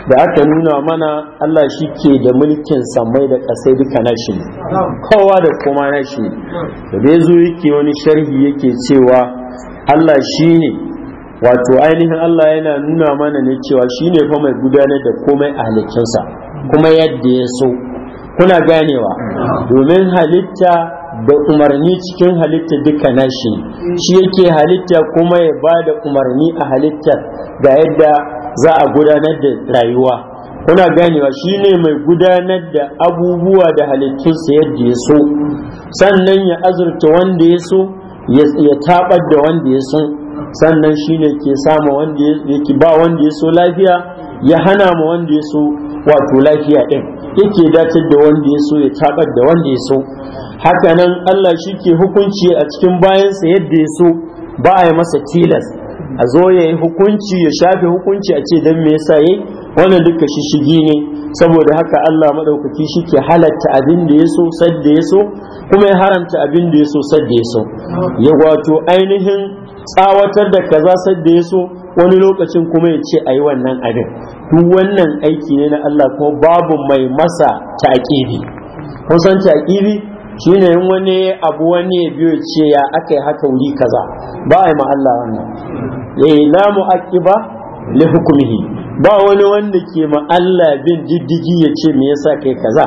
da aka nuna mana Allah shi ke da mulkin samai da kasai duka nashi kowa da kuma nashi da bai zo yake wani sharhi yake cewa Allah shi ne wato ainihin Allah yana nuna mana ne cewa shi ne fa mai gudanar da komai a halittunsa kuma yadda ya so kuna ganewa domin halitta da umarni cikin halitta duka nashi shi yake halitta kuma ya ba da umarni a halittar ga yadda za a gudanar da rayuwa kuna ganewa shi ne mai gudanar da abubuwa da halittunsa yadda ya so sannan ya azurta wanda ya so ya tabar da wanda ya so sannan shi ne ke sama wanda ya ba wanda ya so lafiya ya hana ma wanda ya so wato lafiya ɗin yake datar da wanda ya so ya tabar da wanda ya so hakanan allah shi ke hukunci a cikin bayansa yadda ya so ba a yi masa tilas a zo ya yi hukunci ya shafe hukunci a ce dan me yasa yayi wannan duka shi, shigi ne saboda haka Allah shi ke halatta abin da ya yaso sadda so, kuma ya haramta abin da ya so, sadda yaso ya wato ainihin tsawatar da kaza sadda so, wani lokacin kuma ya ce a yi wannan abin duk wannan aiki ne na Allah kuma babu mai masa ta'qibi kun san ta'qibi shine in wani abu wani ya biyo ce ya aka yi haka wuri kaza ba a yi ma Allah wannan eh la mu'aqiba li hukmihi ba wani wanda ke ma Allah bin diddigi ya ce me yasa kai kaza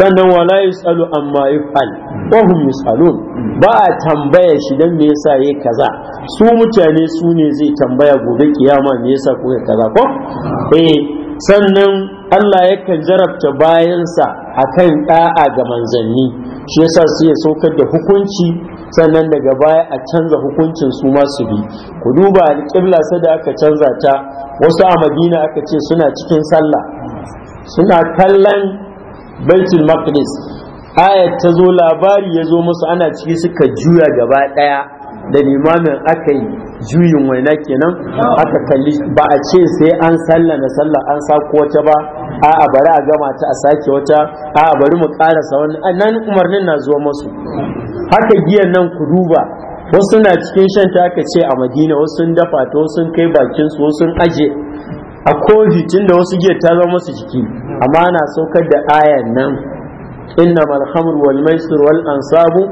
sannan wala yusalu amma yufal wa hum yusalun ba a tambaya shi dan me yasa yayi kaza su mutane su ne zai tambaya gobe kiyama me yasa kuka kaza ko eh sannan Allah yakan jarabta bayansa akan da'a ga manzanni shi yasa sai ya saukar da hukunci sannan daga baya a canza hukuncin su masu bi ku duba alƙibla sai da aka canza ta wasu a madina aka ce suna cikin sallah suna kallon baitul maqdis ayat ta zo labari ya zo musu ana ciki suka juya gaba ɗaya da limamin aka yi juyin waina kenan aka kalli ba a ce sai an sallah na sallah an sako wata ba a'a bari a gama ta a sake wata a'a bari mu karasa wani nan umarnin na zo musu haka giyan nan ku duba wasu na cikin shan ta aka ce a madina wasu sun dafa ta wasu sun kai bakin su wasu sun aje a kofi tun da wasu giya ta zama masu jiki amma ana saukar da ayan nan inna khamr wal maisir wal ansabu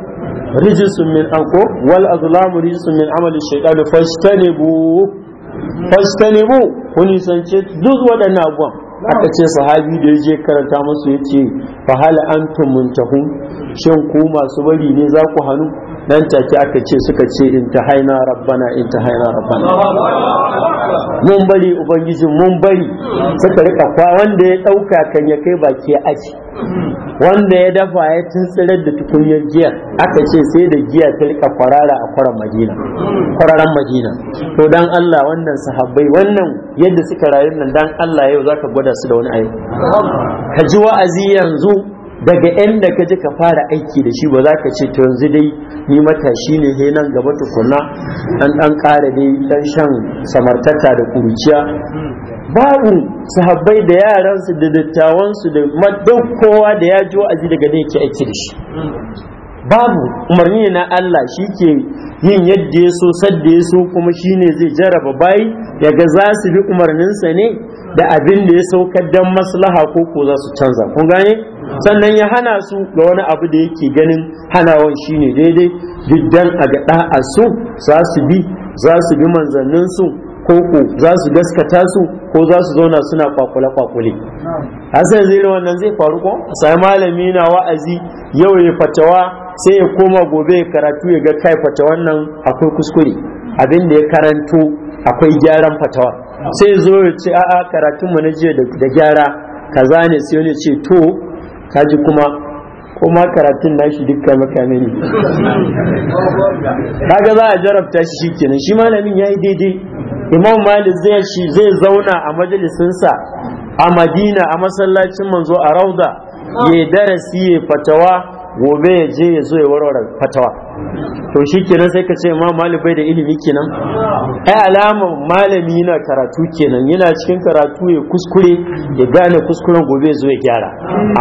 rijisun min anko wal azlam rijsun min amalin shekaru fastanibu fastanibu kun nisance duk waɗannan abubuwan aka ce sahabi da ya je karanta musu yace ce fahala an tumuntahun shin ku masu bari ne za ku hannu nan take aka ce suka ce in ta haina rabbana in ta haina rabbana mun bari ubangiji mun bari suka rika kwa wanda ya dauka kan ya kai baki ya aji wanda ya dafa ya tuntsirar da tukunyar giya aka ce sai da giya ta rika kwarara a kwaran madina kwararan madina to dan Allah wannan sahabbai wannan yadda suka rayu nan dan Allah yau zaka gwada su da wani ayi ka ji wa'azi yanzu daga inda ka ji ka fara aiki da shi ba za ka ce to yanzu dai ni matashi ne he nan gaba tukuna an dan ƙara dai dan shan samartaka da kuruciya babu sahabbai da yaransu da dattawansu da duk kowa da ya ji wa'azi daga dai yake aiki da shi babu umarni na Allah shi ke yin yadda ya so sadda ya so kuma shi ne zai jaraba bayi daga za su bi umarninsa ne da abin da ya saukar don maslaha ko ko za su canza kun gane sannan ya hana su ga wani abu da yake ganin hanawan shine daidai diddan a ga da'a su za su bi za su bi manzannin su ko ko za su gaskata su ko za su zauna suna kwakule kwakule hasan zai yi wannan zai faru ko sai malami na wa'azi yau ya fatawa sai ya koma gobe ya karatu ya ga kai fata nan akwai kuskure abin da ya karanto akwai gyaran fatawa sai zo ya ce a'a karatun mu na jiya da gyara kaza ne sai ya ce to kaji kuma ko karatun nashi dukkan makame ne kaga za a jarabta shi shikenan shi malamin yayi daidai imam malik zai shi zai zauna a majalisinsa a madina a masallacin manzo a rauda ya darasi ya fatawa gobe ya je ya zo ya warware fatawa to shi kenan sai ka ce ma malibai da ilimi kenan ai alama malami yana karatu kenan yana cikin karatu ya kuskure ya gane kuskuren gobe ya zo ya gyara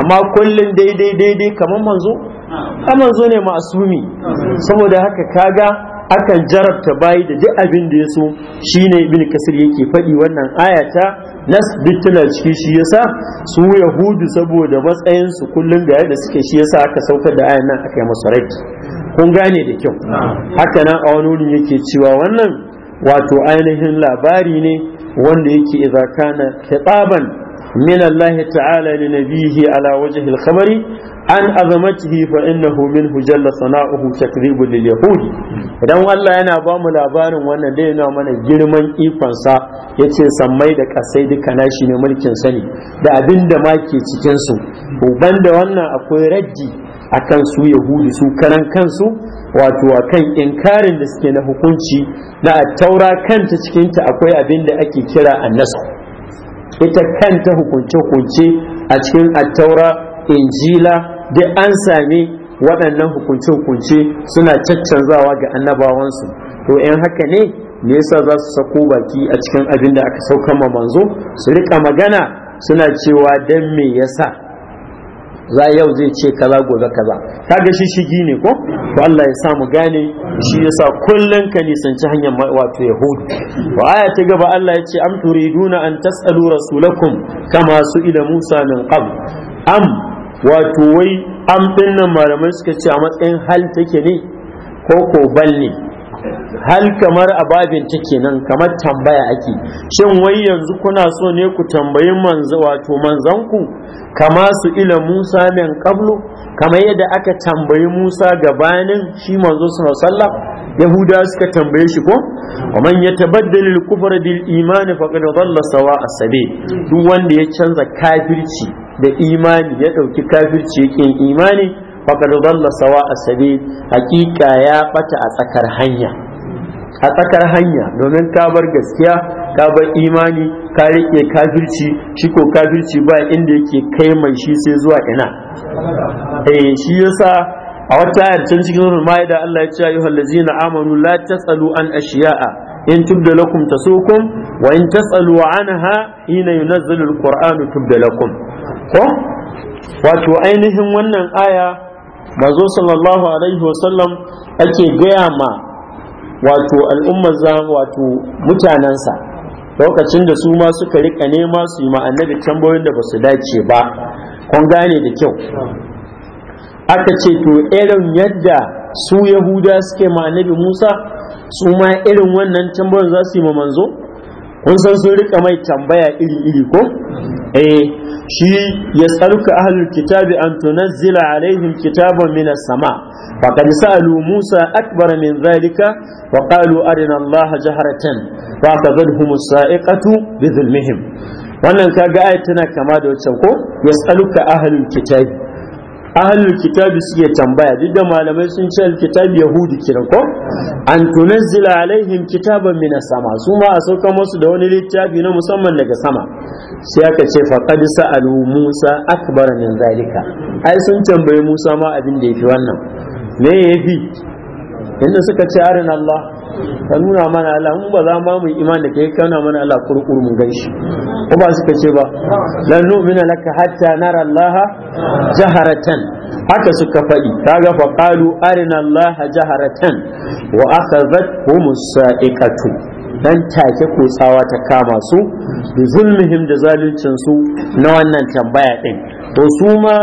amma kullum daidai daidai kamar manzo kamar manzo ne ma'asumi saboda haka kaga akan jarabta bayi da duk abin da ya so shine ibn kasir yake faɗi wannan ayata nas tana ciki shi yasa su yahudu saboda matsayinsu su kullun ga yadda suke shi yasa aka saukar da ayan nan aka yi musu rai kun gane da kyau haka nan a wani wurin yake cewa wannan wato ainihin labari ne wanda yake idza kana kitaban min Allah ta'ala li nabihi ala wajhi al an azamatihi fa innahu minhu jalla sana'uhu takribu lil yahud idan Allah yana ba mu labarin wannan da yana mana girman ikon sa yace sammai da kasai duka nashi ne mulkin sani da abinda ma ke cikin su da wannan akwai raddi akan su yahudi su karan kansu wato akan inkarin da suke na hukunci na taura kanta cikinta akwai abinda ake kira annasu ita kanta hukunce-hukunce a cikin attaura injila duk an sami waɗannan hukunce-hukunce suna caccanzawa ga annabawansu to in haka ne me yasa za su sako baki a cikin abin da aka sauka ma manzo su riƙa magana suna cewa dan me yasa za yau zai ce kaza gobe kaza kaga shi shigi ne ko to Allah ya sa gane shi yasa kullun ka nisanci hanyar wato yahudu wa aya ta gaba Allah ya ce am turiduna an tasalu rasulakum kama su ila Musa min qabl am wato wai an din malamai suka ce a matsayin hal take ne ko ko bal hal kamar ababin take nan kamar tambaya ake shin wai yanzu kuna so ne ku tambayi manzo wato manzanku kama su ila Musa min qablu kamar yadda aka tambayi Musa gabanin shi manzo sallallahu Yahuda suka tambaye shi ko wa man tabaddala al-kufra bil iman faqad dhalla sawa'a sabil duk wanda ya canza kafirci da imani ya ɗauki kafirci yakin imani faqad dalla sawa asabi hakika ya ɓata a tsakar hanya a tsakar hanya domin ka bar gaskiya ka bar imani ka rike kafirci shi ko kafirci ba inda yake kai mai shi sai zuwa ina eh shi yasa a wata ayar can cikin sunan ma'ida Allah ya ce ayyuhal ladzina amanu la tasalu an ashiya'a in tubda lakum tasukum wa in tasalu anha hina yunazzalu alqur'anu tubda lakum ko wato ainihin wannan aya manzo sallallahu alaihi wasallam ake gaya ma wato al'ummar za wato mutanensa lokacin da su ma suka rika nema su yi annabi tambayoyin da ba su dace ba kun gane da kyau aka ce to irin yadda su yahuda suke ma annabi musa su ma irin wannan tambayoyin za su yi ma manzo kun san sun rika mai tambaya iri-iri ko eh shi ya tsaruka ahlul kitabi an tunazzila alaihim kitaban min sama kad sa'alu musa akbar min zalika wa qalu arina allaha jaharatan fa akadhahum as-sa'iqatu bi dhulmihim wannan kaga ayat tana kama da wacce ko ya tsaruka ahlul kitabi ahlul kitabi suke tambaya duk da malamai sun ce alkitabi yahudi kiran ko an tunazzila alaihim kitaban min sama su ma a sauka musu da wani littafi na musamman daga sama sai aka ce faqad sa'alu musa akbar min zalika ai sun tambaye musa ma abin da yafi wannan me yafi inda suka ce arin allah ka nuna mana Allah mun ba za ma mu iman da kai ka nuna mana Allah kurkuru mun gan shi ko ba suka ce ba lan nu'mina laka hatta nara Allah jaharatan haka suka faɗi kaga fa qalu arina Allah jaharatan wa akhadhat sa'iqatu dan take tsawa ta kama su bi zulmihim da zaluncin su na wannan tambaya din to su ma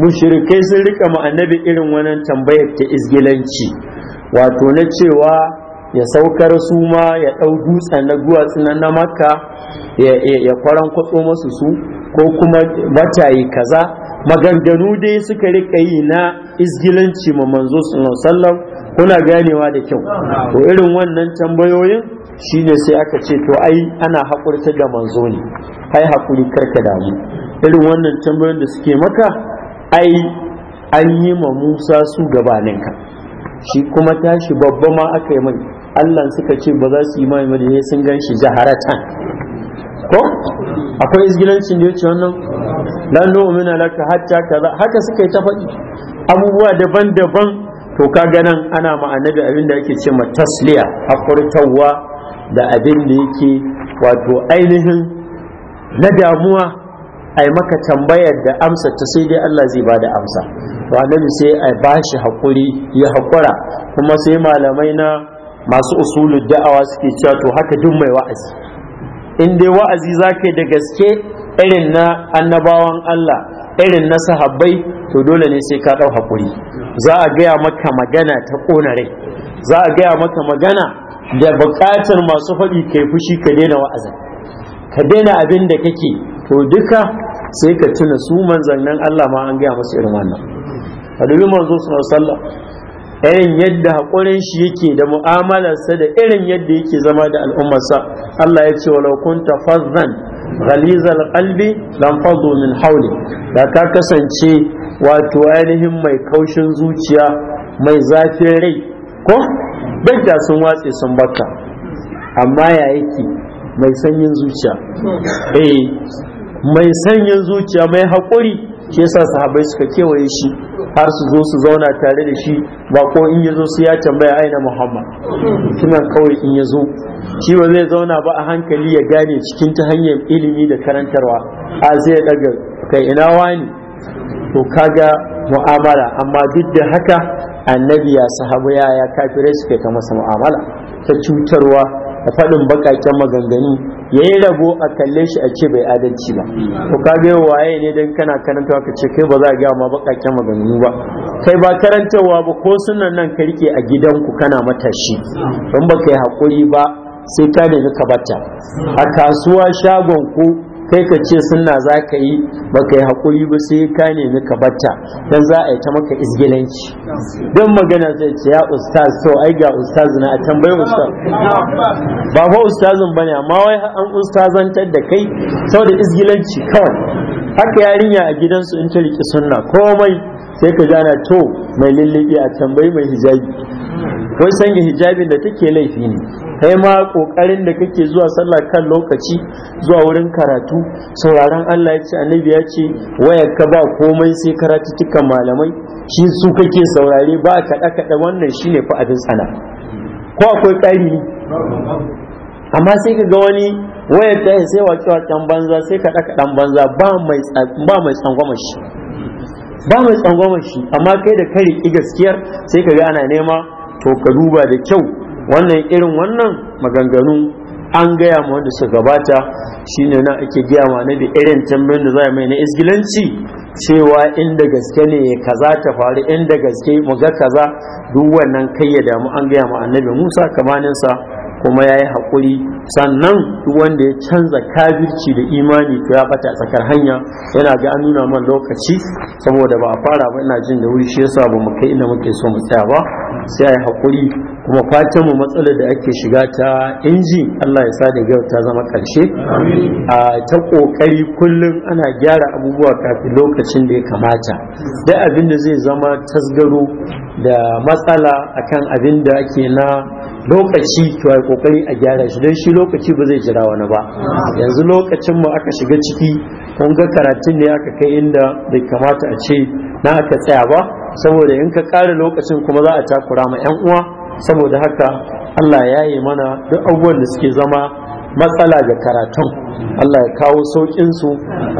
mushrikai sun rika ma annabi irin wannan tambayar ta isgilanci wato na cewa ya saukar su ma ya ɗau dutsen na duwatsu na makka ya kwaran kwatso masu su ko kuma matayi kaza maganganu dai suka rika yi na izgilanci ma manzo sallam kuna ganewa da kyau To irin wannan tambayoyin shine sai aka ce to ai ana haƙurta da manzo ne ai haƙuri karka damu irin wannan tambayoyin da suke maka ai an yi ma musa su gabaninka shi kuma tashi babba ma aka yi mai Allah suka ce ba za su yi mai ne sun gan shi jaharatan ko akwai izgilancin da ya ce wannan lan nu'mina laka hatta kaza haka suka yi ta faɗi abubuwa daban-daban to kaga nan ana da abin da ake ce ma tasliya hakurtawa da abin da yake wato ainihin na damuwa ai maka tambayar da amsa ta sai dai Allah zai bada amsa to annabi sai ai bashi hakuri ya hakura kuma sai malamai na masu usulun da'awa suke cewa to haka duk mai wa'azi in dai wa'azi zaka da gaske irin na annabawan Allah irin na sahabbai to dole ne sai ka dau hakuri za a gaya maka magana ta kona rai za a gaya maka magana da buƙatar masu faɗi kai fushi ka daina wa'azi ka daina abin da kake to duka sai ka tuna su manzannin Allah ma an gaya masu irin wannan a dubi manzo sallallahu irin yadda haƙurin shi yake da mu'amalarsa da irin yadda yake zama da al'ummarsa Allah ya ce walau kunta tafazzan ghalizal qalbi lam fadu min hawli da ka kasance wato ainihin mai kaushin zuciya mai zafin rai ko bai da sun watse sun baka amma ya yake mai sanyin zuciya eh mai sanyin zuciya mai haƙuri shi yasa sahabai suka kewaye shi har su zo su zauna tare da shi ba ko in yazo zo su ya tambaya aina muhammad suna kawai in ya zo shi ba zai zauna ba a hankali ya gane cikin ta hanyar ilimi da karantarwa a zai daga kai ina wani to kaga mu'amala amma duk da haka annabi ya sahaba ya kafirai suka ta masa mu'amala ta cutarwa a faɗin bakaken maganganu ya yi rabo a kalle shi a ce bai adalci ba Kuka ka ga waye ne dan kana karantawa ka ce kai ba za a gaya ma bakaken maganganu ba kai ba karantawa ba ko sunan nan ka rike a gidanku kana matashi don ba ka yi haƙuri ba sai ka nemi ka bata a kasuwa shagon ku kai ka ce sunna za ka yi ba ka yi haƙuri ba sai ka nemi ka bata, don za a yi ta maka izgilanci don magana zai ce ya ustaz to ai ga ustaz na a tambayi ustaz ba fa ustazin bane amma wai an ustazantar da kai saboda izgilanci kawai haka yarinya a gidansu in ta riƙe sunna komai sai ka jana to mai lilliki a tambayi mai hijabi wai sanya hijabin da take laifi ne kai ma kokarin da kake zuwa sallah kan lokaci zuwa wurin karatu sauraron Allah ya ce annabi ya ce waya ka ba komai sai karatu tukan malamai shi su kake saurare ba ka kaɗa wannan shine fa abin tsana ko akwai tsari ne? amma sai ka ga wani waya ta sai wace wacen banza sai ka kaɗan banza ba mai tsangwama shi ba mai tsangwama shi amma kai da ka riƙi gaskiyar sai ka ga ana nema to ka duba da kyau wannan irin wannan maganganu an gaya ma wanda suka gabata shine na ake gaya ma na da irin tambayin da za a mai na isgilanci cewa inda gaske ne kaza ta faru inda gaske mu ga kaza duk wannan kai ya damu an gaya ma annabi Musa kamaninsa kuma ya yi haƙuri sannan wanda ya canza kabirci da imani ya bata tsakar hanya yana ga an nuna man lokaci saboda ba a fara ba ina jin da wuri shi yasa ba mu kai inda muke so mu tsaya ba sai a yi haƙuri kuma fatan mu matsalar da ake shiga ta inji Allah ya sa da yau ta zama ƙarshe. a ta kokari kullum ana gyara abubuwa kafin lokacin da ya kamata da abin da zai zama tasgaro da matsala akan abin da ake na lokaci to ai kokari a gyara shi dan shi lokaci ba zai jira wani ba yanzu lokacin mu aka shiga ciki kun ga karatun ne aka kai inda bai kamata a ce na aka tsaya ba saboda in ka kare lokacin kuma za a takura ma yan uwa saboda haka Allah ya yi mana duk abubuwan da suke zama matsala ga karatun Allah ya kawo sauƙinsu,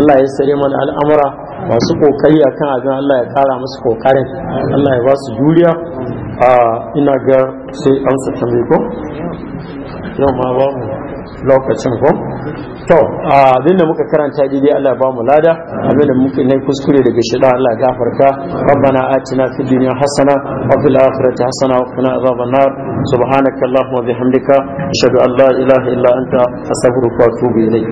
Allah ya sare mana al'amura masu ƙoƙari akan abin Allah ya ƙara masu ƙoƙarin, Allah ya ba su juriya a ah, ina ga sai amsa tambayi ko yau ma ba mu lokacin ko to abinda muka karanta daidai Allah ba mu lada abinda muka nai kuskure daga shida Allah gafarta rabbana atina fid dunya hasana wa fil akhirati hasana wa qina adhaban nar subhanaka allahumma wa bihamdika ashhadu an la ilaha illa anta astaghfiruka wa atubu ilayk